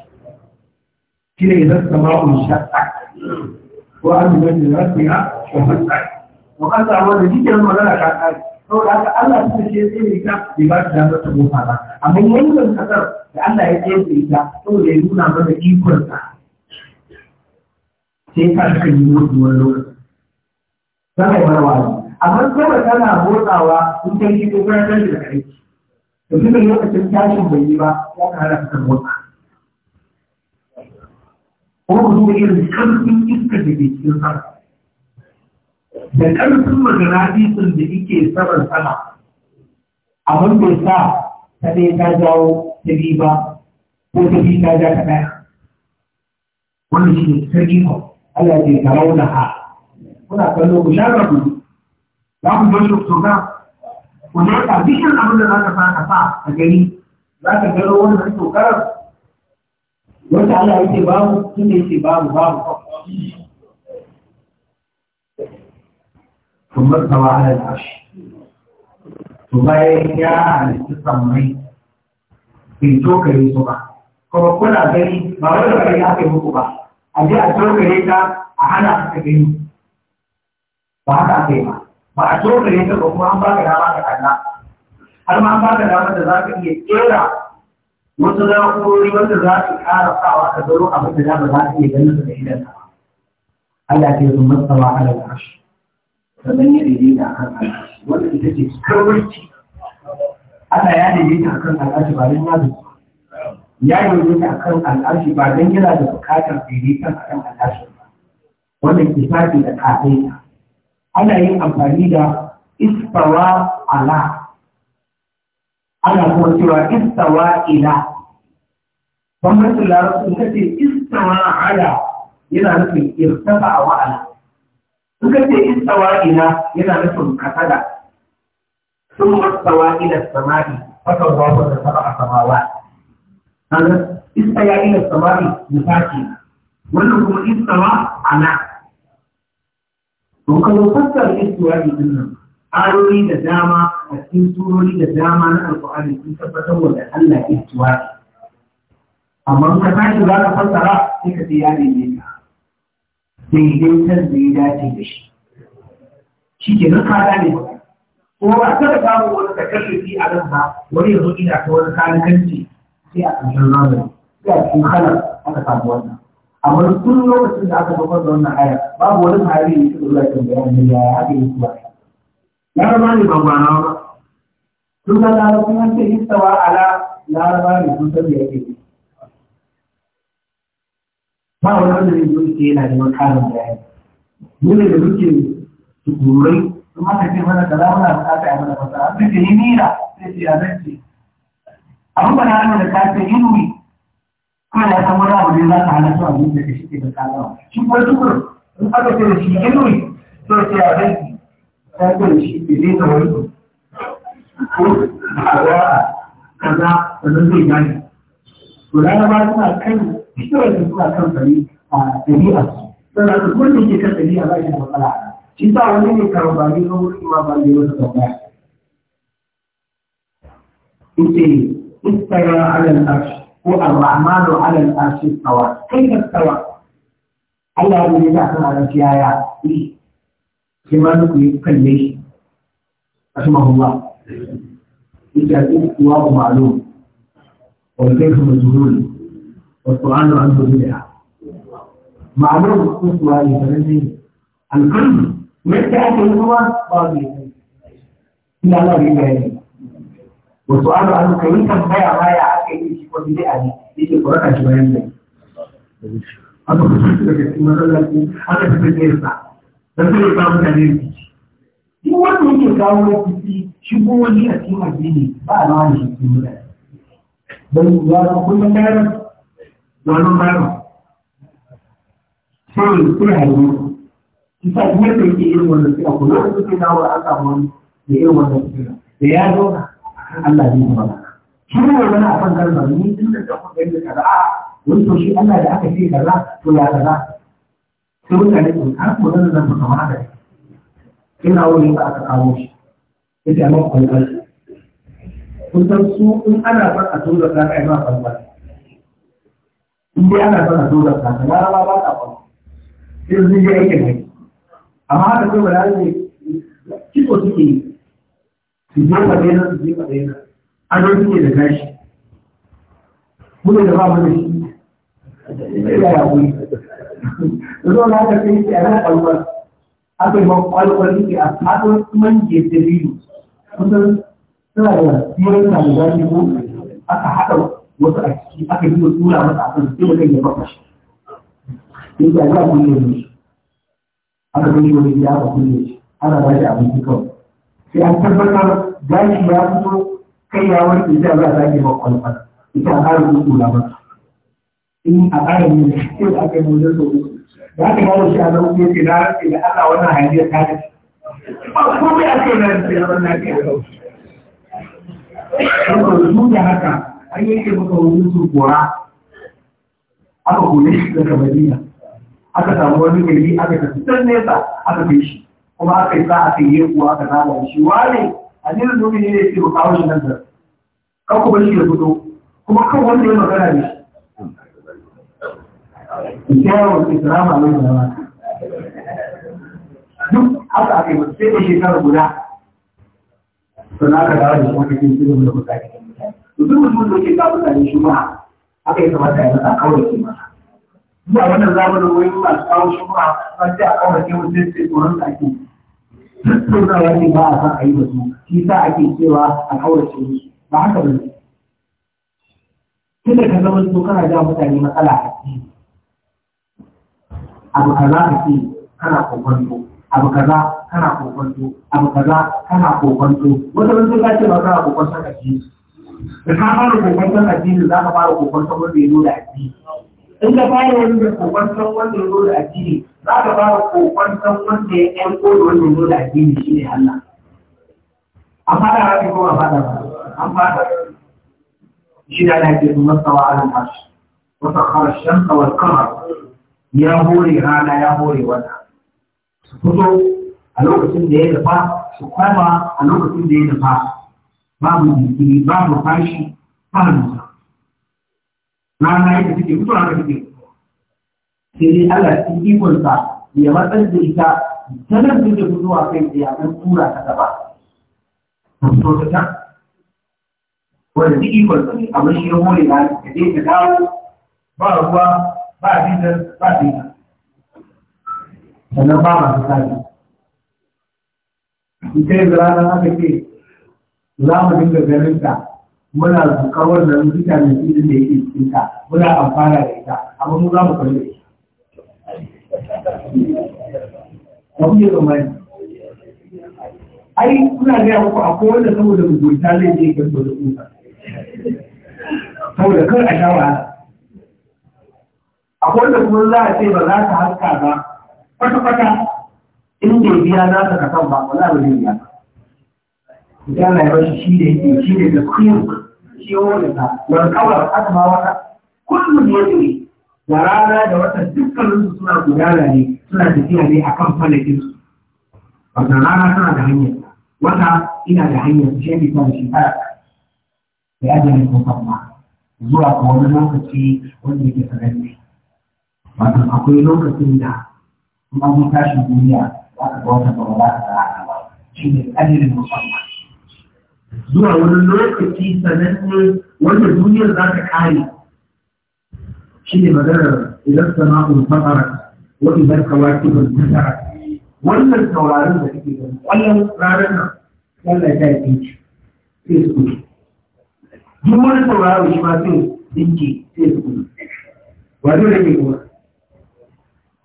shi ne idan sama'un shaƙa wa an da ne rafiya wa hatta wa kan sa wannan dukkan magana ta Sau da haka Allah ya ce sai ka bi ba ta damar ta gofa ba amma yankin kasar da Allah ya tsaye ta saboda ya nuna mana ikon sa sai ka ka yi mutu wani lokaci Zan ka yi mana wa'azi amma kawai tana motsawa in kai shi ko kana tashi da kai to kuma lokacin tashin bai yi ba ya ka ta ka motsa ko ku duba irin karfin iska da ke cikin sama da karfin maganadisin da yake saman sama abin bai sa ta ɗaya ta jawo ta biyu ba ko ta biyu ta ja ta ɗaya Wanda shi ne sarki ko Allah ke karau da ha kuna kallo ku shaka ku za ku bar shi ku ga ku ne ka bishin abin da za ka sa ka sa a gani za ka gano wannan tokarar Wata ala yake babu tun yake babu babu kuma tsawa ala tashi to bayan ya halitta sammai bai tokare su ba kuma kuna gani ba wanda bai ya kai muku ba a je a tokare ta a hana ka gani ba haka kai ba ba a tokare ta ba kuma an baka dama ka kalla har ma an baka dama da za ka iya kera wasu na'urori wanda za su ƙara sawa ka zaro abin da ba za su iya ganin su da idan ka Allah ke zun matsawa ala al'arshi sannan ya daidaita da akan al'arshi wanda ita ce kawaici Allah ya daidaita a kan al'arshi ba don ya zuci ya daidaita akan al'ashi ba don yana da buƙatar daidaitan a kan al'arshi ba wanda ke sake da ƙasaita ana yin amfani da isfawa ala ana kuma cewa istawa ila bambancin larabci ka ce istawa ala yana nufin irtaba a ala in ka ce istawa ila yana nufin kasada sun mastawa ila samari fakan wafa da saba a samawa kaga istaya ila samari misali wannan kuma istawa ala to kan fassara istiwa din nan ayoyi da dama a cikin surori da dama na alƙur'ani sun tabbatar da Allah istiwa'i amma ka tashi za ka fassara sai ka ce ya neme ka daidai kan da ya dace da shi shi ke nan ka gane ba ko ba ta da samun wani takarrafi a nan ba wani yanzu ina ta wani kanikanci sai a ƙarshen zamani sai a cikin halar aka samu wannan amma tun lokacin da aka bakwar da wannan ayar babu wani hali da ya taɓa zuwa kan bayanin yaya aka yi kuwa ya zama ne ba ba duk da larabci an ce istawa ala laraba ne sun sabi da yake ba wani wanda zai zo ce yana da karin yi dole da muke turai kuma Mata ce mana kaza muna bukata ya mana fasa an ce yi nira sai ce ya zance ce ba na ana da kace ilmi kuma ya san wani abu ne za ta hana su abin da shi ke da kalawa shi kuma tukur in aka ce da shi ilmi sai ce ya ya zai ce zai ce ya zai ce ko a kaza sannan zai gane to laraba suna kan da suna kan fari a ɗabi'a sannan da kuma ke kan ɗabi'a ba shi da matsala shi sa wani ne ba karambani na wurin ma ba ne wata tambaya ita istawa ala al-arsh ko ar-rahmanu ala al-arsh istawa kai ka istawa Allah ya yi da kan alaƙiya ya yi, shi ma duk yi kalle shi, a shi mahullah. يجعل اختواه معلوم والكيف مجهول والقرآن عنه بدعة معلوم اختواه يتنزل القلب مرتاح هو باقي إلا لا بإله وسؤال عنه كيف تنبيع ما يعاكي إيش وبدعة ليش القرآن شبهين لي أنا كنت أقول لك أنا كنت أقول لك أنا كنت أقول duk wanda yake kawo rikici shigo wani a cikin addini ba a rawa shi cikin mutane don ya zama kullum bayar wani bayar sai sai hannu kisa biyar da yake irin wanda suka kula da suke dawo an samu wani da irin wannan suke da ya zo Allah zai zama shi ne wani a kan karfa ni tun da dafa gari da kaza a wani to shi Allah da aka ce kaza to ya kaza sai mutane sun karfa wani zan fasa wani da ina wani ba aka kawo shi ya ce amma kwalkwal kun san su in ana son a tura ka kai ma kwalkwal in dai ana son a tura ka ka na ba ba ka kwalkwal sai zai yi aikin mai amma haka sai wala ne kiko suke yi su je ka daina su je ka daina an yi suke da gashi mune da ba mu da shi ya yi a wuri. Zuwa na haka sai yi a ana kwalkwal Akwai ma kwalwari ke a kaɗin manje da biyu kusan suna da da mu gani ko aka haɗa wasu a ciki aka yi wasu tura masa a kan sai mutum ya baka shi in da ya kunne ne aka yi wani gida aka kunne shi ana ba shi abinci kawai sai an tabbatar gashi ya fito kai ya wani ita za yi ma kwalwari ita a ƙara wasu tura in a ƙara ne sai aka yi wajen sau da aka yawo shi a nan kuma ce na rantsi da Allah wannan hayaniya ta ce ba ko bai ake na rantsi na wannan ke saboda su da haka an yake maka wani su kora aka kore shi daga Madina aka samu wani gari aka tafi can nesa aka kai shi kuma aka yi sa aka yi kuwa aka zama shi wane a ne domin ne ya ke ba kawo shi nan da kan kuma shi ya fito kuma kan wanda ya magana da shi kyawun islam a nan zama duk aka aka yi sai da shekaru guda sun aka dawo da shi wani kin ilimin da kuka yi duk mutum da ke kawo mutane shi ma aka yi kamata ya masa kawai ke masa zuwa wannan zamanin wani masu kawo shi ma ba sai a kawai ke mutum sai tsoron da ake tattaunawa ne ba a san a yi da shi sa ake cewa a kawai ke musu ba haka ba ne. Tunda ka zama so kana da mutane matsala a ciki abu kaza ka ce kana kokonto abu kaza kana kokonto abu kaza kana kokonto wata wani ka ce ba a kokonto ka ji da ka fara kokonto ka ji za ka fara kokonto wanda ya zo da addini in ka fara wani da kokonto wanda ya zo da addini za ka fara kokonto wanda ya ƴan kodo wanda ya zo da addini shi ne Allah an fara rafi ko a fada ba an fada shi da ke lafiya sun masawa harshe. wata وسخر kawar والقمر ya hore rana ya hore wata su fito a lokacin da ya dafa su kwama a lokacin da ya dafa babu jikini babu fashi ba musa rana yadda suke fito haka suke fito sai dai Allah cikin ikonsa ya matsar da ita ta nan suke fitowa kai tsaye a kan tura ta gaba ta fito ta can wanda duk ikonsa ne abin shi ya hore rana ka je ka dawo ba ruwa ba bitar ba bitar sannan ba masu sani ita yanzu ranar haka ce za mu dinga ganin ta muna zukar wannan vitamin C din da yake cikin ta muna amfana da ita amma mu za mu kalle shi ba mu yi zamani ai kuna gaya muku akwai wanda saboda mu mugunta zai je ya kyanto da kusa saboda kar a sha wahala akwai da kuma za a ce ba za ka haska ba kwata-kwata in da biya za ta kasan ba wala ba zai biya ba ya na yawon shi da yake shi da da kuyin shi wani ta wani kawar haka ma wata kullum ya ne da rana da wata dukkanin suna gudana ne suna tafiya ne a kan falakin su wata rana suna da hanyar wata ina da hanyar su shi ta shi ta da ya ne kuma zuwa ga wani lokaci wanda yake sananne Wato akwai lokacin da kuma mun tashin duniya za ka bauta wata ba za ka tsara ba. Shi ne ƙadirin musamman. Zuwa wani lokaci sananne wanda duniyar za ta kare. Shi ne maganar idan sana'un samara wa idan kawakibin tsara Wannan taurarin da kake gani kwallon ranar nan Allah ya yi ɗinki sai su kudu. Duk wani tauraro shi ma sai ɗinki sai su kudu. wani da ke kuma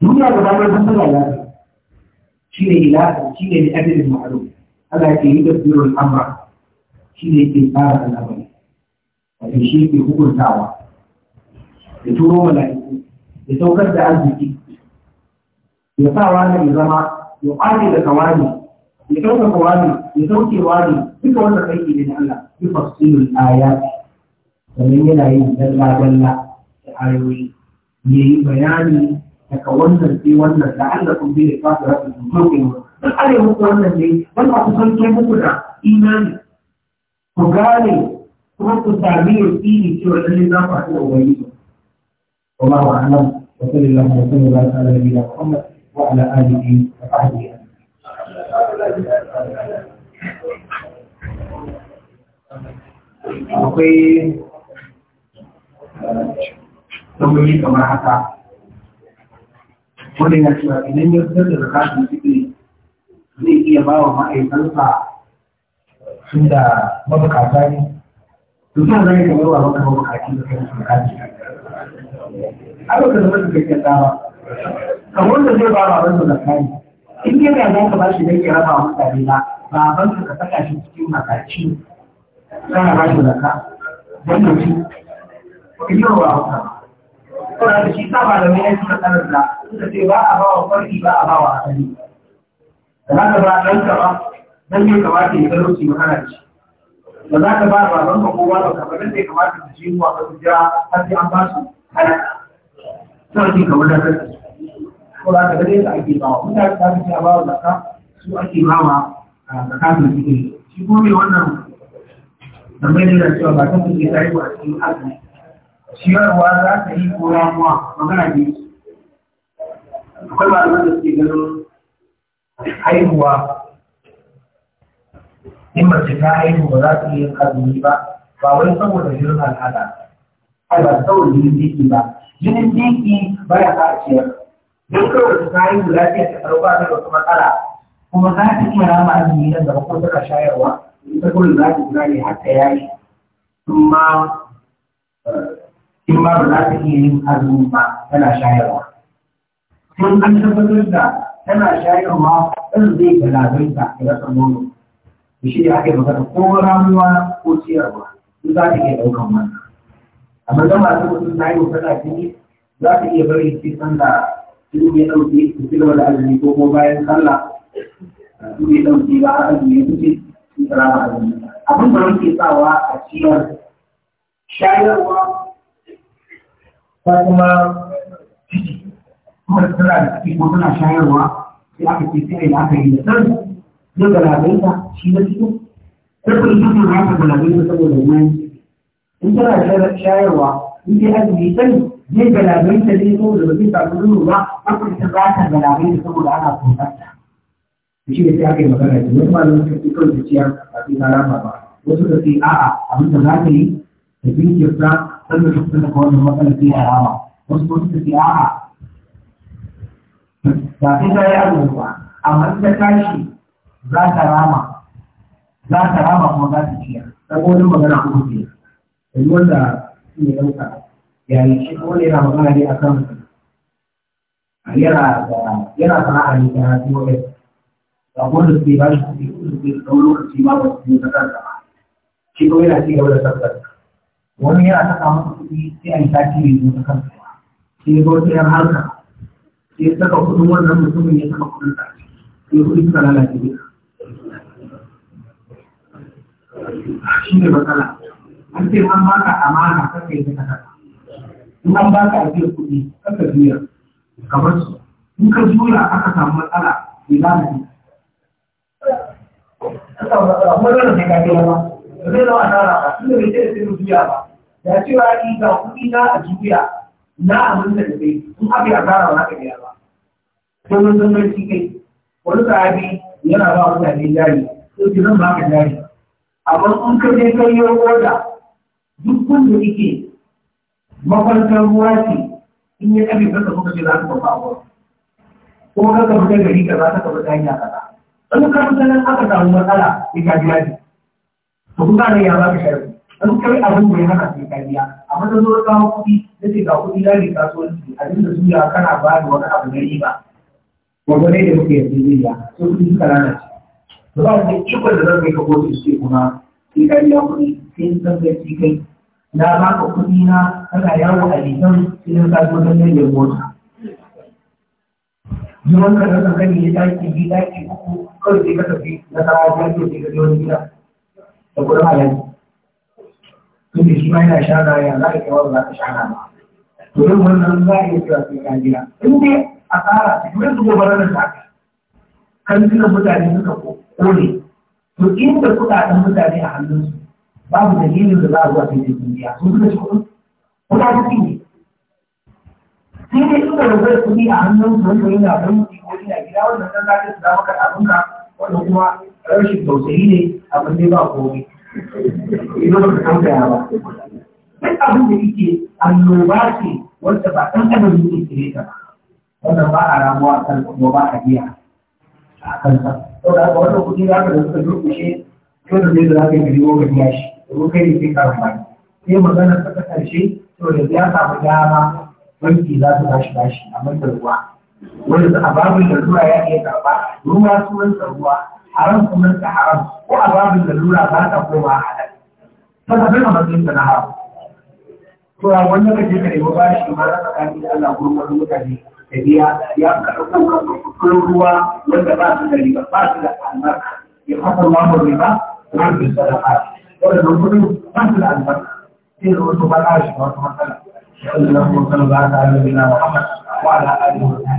duniya da damar sun suna lafiya shi ne ilaha shi ne abin ma'aru Allah ke yi tafsirin amma shi ne ke tsara al'amari wato shi ke hukuntawa ya turo mala'iku ya saukar da arziki ya sa wani ya zama ya kwace da kawani ya ɗauka kawani ya sauke wani duka wannan aiki ne na Allah bi tafsirul ayat sannan yana yin dalla dalla da ayoyi ya yi bayani daga wannan sai wannan da Allah kun bi ne fasa rafi su sauke mu duk are muku wannan ne wanda ku ke muku da imani ku gane kuma ku sami yaƙini cewa ne za ku haɗu da ubangiji والله أعلم وصلى الله وسلم وبارك على نبينا محمد وعلى آله وصحبه أجمعين. أقول haka. wanda ya cewa idan ya fitar da zakatun fitri zai iya ba wa ma'aikansa tun da mabukata ne to sai zai kamar wa maka mabukaci da kan zakatun a lokacin da kake kake kamar da zai ba wa wanda zakatun in ke ga za ka ba shi dan ya raba mutane ba ba ban ka saka shi cikin makaci kana ba shi zakatun dan mutum ka yi wa wa saboda da shi sa malamai ya suka karanta suka ce ba a bawa farki ba a bawa asali da za ka ba ɗan ka ba dan bai kamata ya gano ci magana da shi ba za ka ba baban ka ko ba ka ba dan bai kamata ka ji mu a ka jira har sai an ba su kana sai ka wanda ka ko za ka gane ka ake bawa mutane ta ji a bawa zakka su ake bawa zakatun cikin shi ko me wannan tambayar da cewa ba ta fi ke tare ba a cikin azumi ciyarwa za ta yi ko ramuwa magana ne akwai malaman da suke ganin haihuwa in mace ta haihu ba za ta yi azumi ba ba wai saboda jinin al'ada ai ba saboda jinin jiki ba jinin jiki ba ya sa ciyar don kawai ta haihu lafiya ta karɓa ta da wata matsala kuma za ta iya rama azumi nan gaba ko tana shayarwa ita kawai za ta kula ne har ta yayi kuma in ma ba za ta iya yin azumi ba tana shayarwa sun an tabbatar da tana shayarwa ɗan zai galabaita ya rasa nono da shi da ake magana ko ramuwa ko ciyarwa duk za ta iya ɗaukan wannan amma da masu mutum na yi wa fata jini za ta iya bari sai san da sun ya ɗauke su ci da azumi ko kuma bayan sallah sun ya ɗauke ba azumi ya fice sun tsara azumi abin da muke sawa a ciyar shayarwa ko kuma ciki kuma tana da shayarwa sai aka ce sai da aka yi da san zai ta shi na ciki sai kun cikin za ta saboda ruwan in tana shayarwa in dai azumi sani zai galabaita ne saboda ba zai samu nuna ba akwai ta za ta saboda ana tsoronta shi ne sai aka yi magana da wasu malamin da fi kan zuciya a cikin alama ba wasu da sai a'a abin da za ta yi da jinkirta sai da suka daga wannan matsalar sai ya rama wasu kuma suka ce a'a ba sai ta yi azumi ba amma in ta tashi za ta rama za ta rama kuma za ta ciya daga wani magana uku ce yanzu wanda ya ɗauka ya yi shi kuma yana magana ne akan yana da yana sana'a ne ta POS ba su ne ba shi kuɗi kuɗi suke ɗau lokaci ba ba su yi ta kansa ba shi kuma yana ci gaba da sassan wani yana ta samun kuɗi sai a yi sati mai zuwa kan sai ya zo ta harka sai ya saka kuɗin wannan mutumin ya saka kuɗin sa sai kuɗi suka lalace duka shi ne matsala an ce an baka amana kan ka yi ta kaka in an baka ajiyar kuɗi kaka juya kamar su in ka juya aka samu matsala mai lalace Aka wani matsala, kuma zai da sai ka ba, zai zama asara ba, inda bai ce da sai mu juya ba, da cewa a ga kuɗi na a juya na aminta da kai in abin a asara wani haka biya ba domin sun mai shi kai wani sahabi yana ba ne jari to ki zan baka jari amma in ka je kai yau oda duk da yake mafarkar ruwa ce in ya kafe kasa kuka ce za ka babba ko ka kasa fita gari ka za ta kafa ta hanya kaza in ka fita nan aka samu matsala ya ka biya ne to kun ya ba ka shari'a in kai abin da ya hana sai kariya amma da zo kawo kuɗi na ce ga kuɗi da rika kasuwanci abin da suya kana ba da wani abu na riba wanda ne da muke yanzu zai ya sai kuɗi suka lalace ba za mu ce ikon da zan kai ka kotu ce kuma sai kariya kuɗi sai zan kai sai kai na ba ka kuɗi na kana yawo a lisan cikin kasuwancin nan ya mota Jiran ka rasa kani ya daki bi daki uku kawai sai ka tafi na sarari ya ce sai ka je wani gida da kuɗin halayya tunda shi ma yana shara ya za ka kawar za ka shara ba to yin wannan za a iya cewa sai ka jira in dai a tsara su kamar su gobarar da ta kai kan tuna mutane suka kone to inda kuɗaɗen mutane a hannunsu babu dalilin da za a zuwa sai dai kungiya sun suka ci kuɗin kuɗaɗen su ne sai dai inda da zai kuɗi a hannunsu wanda yana banki ko yana gida wanda dan za su da maka abinka wannan kuma rashin tausayi ne abin dai ba komai Ina ba ka ba. Duk abin da yake annoba ce wacce ba ɗan adam yake kire ta ba. Wannan ba a ramuwa kan kuma ba a biya a kansa. Saboda haka wannan kuɗi za ka da suka durkushe yau da zai da za ka yi miliyo ka biya shi. Domin kai ne sai ka ramu Sai magana ta kasance saboda ya samu dama banki za su bashi bashi a mantar ruwa. wanda a babin da lura ya iya karba ruwa sunan da ruwa haram sunan da haram ko a babin da lura ba ta koma halal ta tafi a matsayin da na haram to a wanda kaje ka nemi shi ma za ka kani da Allah gurin wani mutane da biya ya karɓo ruwa wanda ba su da riba ba su da albarka ya fasa lamar riba ba su da sadaka wanda nan kudin ba su da albarka sai da wasu ba za shi wata matsala. Allah ya kuma kana ba ta yi na Muhammad na wala Allah ya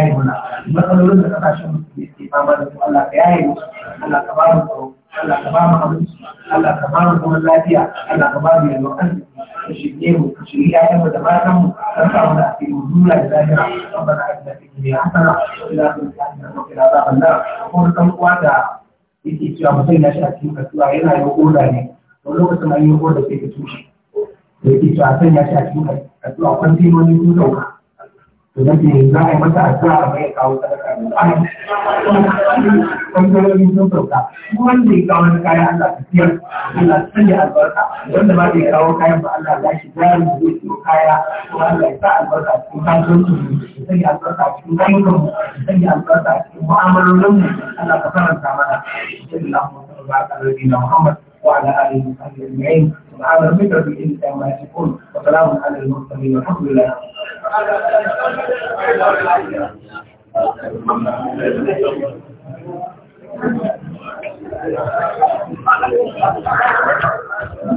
yi wa Allah kabarin Allah ka ba mu Allah ka ba zaman lafiya Allah ka ba yalwar arziki ka shirye mu ka shirye mu da matan mu ka sa mu da asiri mu bana da lahira rabbana atina fid dunya hasana wa fil akhirati hasana wa qina adhaban da yake cewa mutum ya shi a cikin kasuwa yana yi oda ne wani lokacin ya yi oda sai ka tushe da yake cewa sanya shi a cikin kasuwa kwantinoni sun sauka to nake za a yi masa addu'a a mai kawo sadaka da ai kan kalolin sun sauka wanda ya kawo wani kayan Allah ta siyar Allah ta sanya albarka wanda ba zai kawo kayan ba Allah za shi jari da zai siyo kaya ko Allah ya sa albarka a cikin kasuwancin mu ya sanya albarka a cikin ayyukan mu ya sanya albarka a cikin mu'amalolin Allah ka faranta mana sallallahu alaihi wa sallam ala alihi wa sahbihi ajma'in هذا الفكر بإذن الله ما يشكون وسلام على المرسلين والحمد لله Thank you.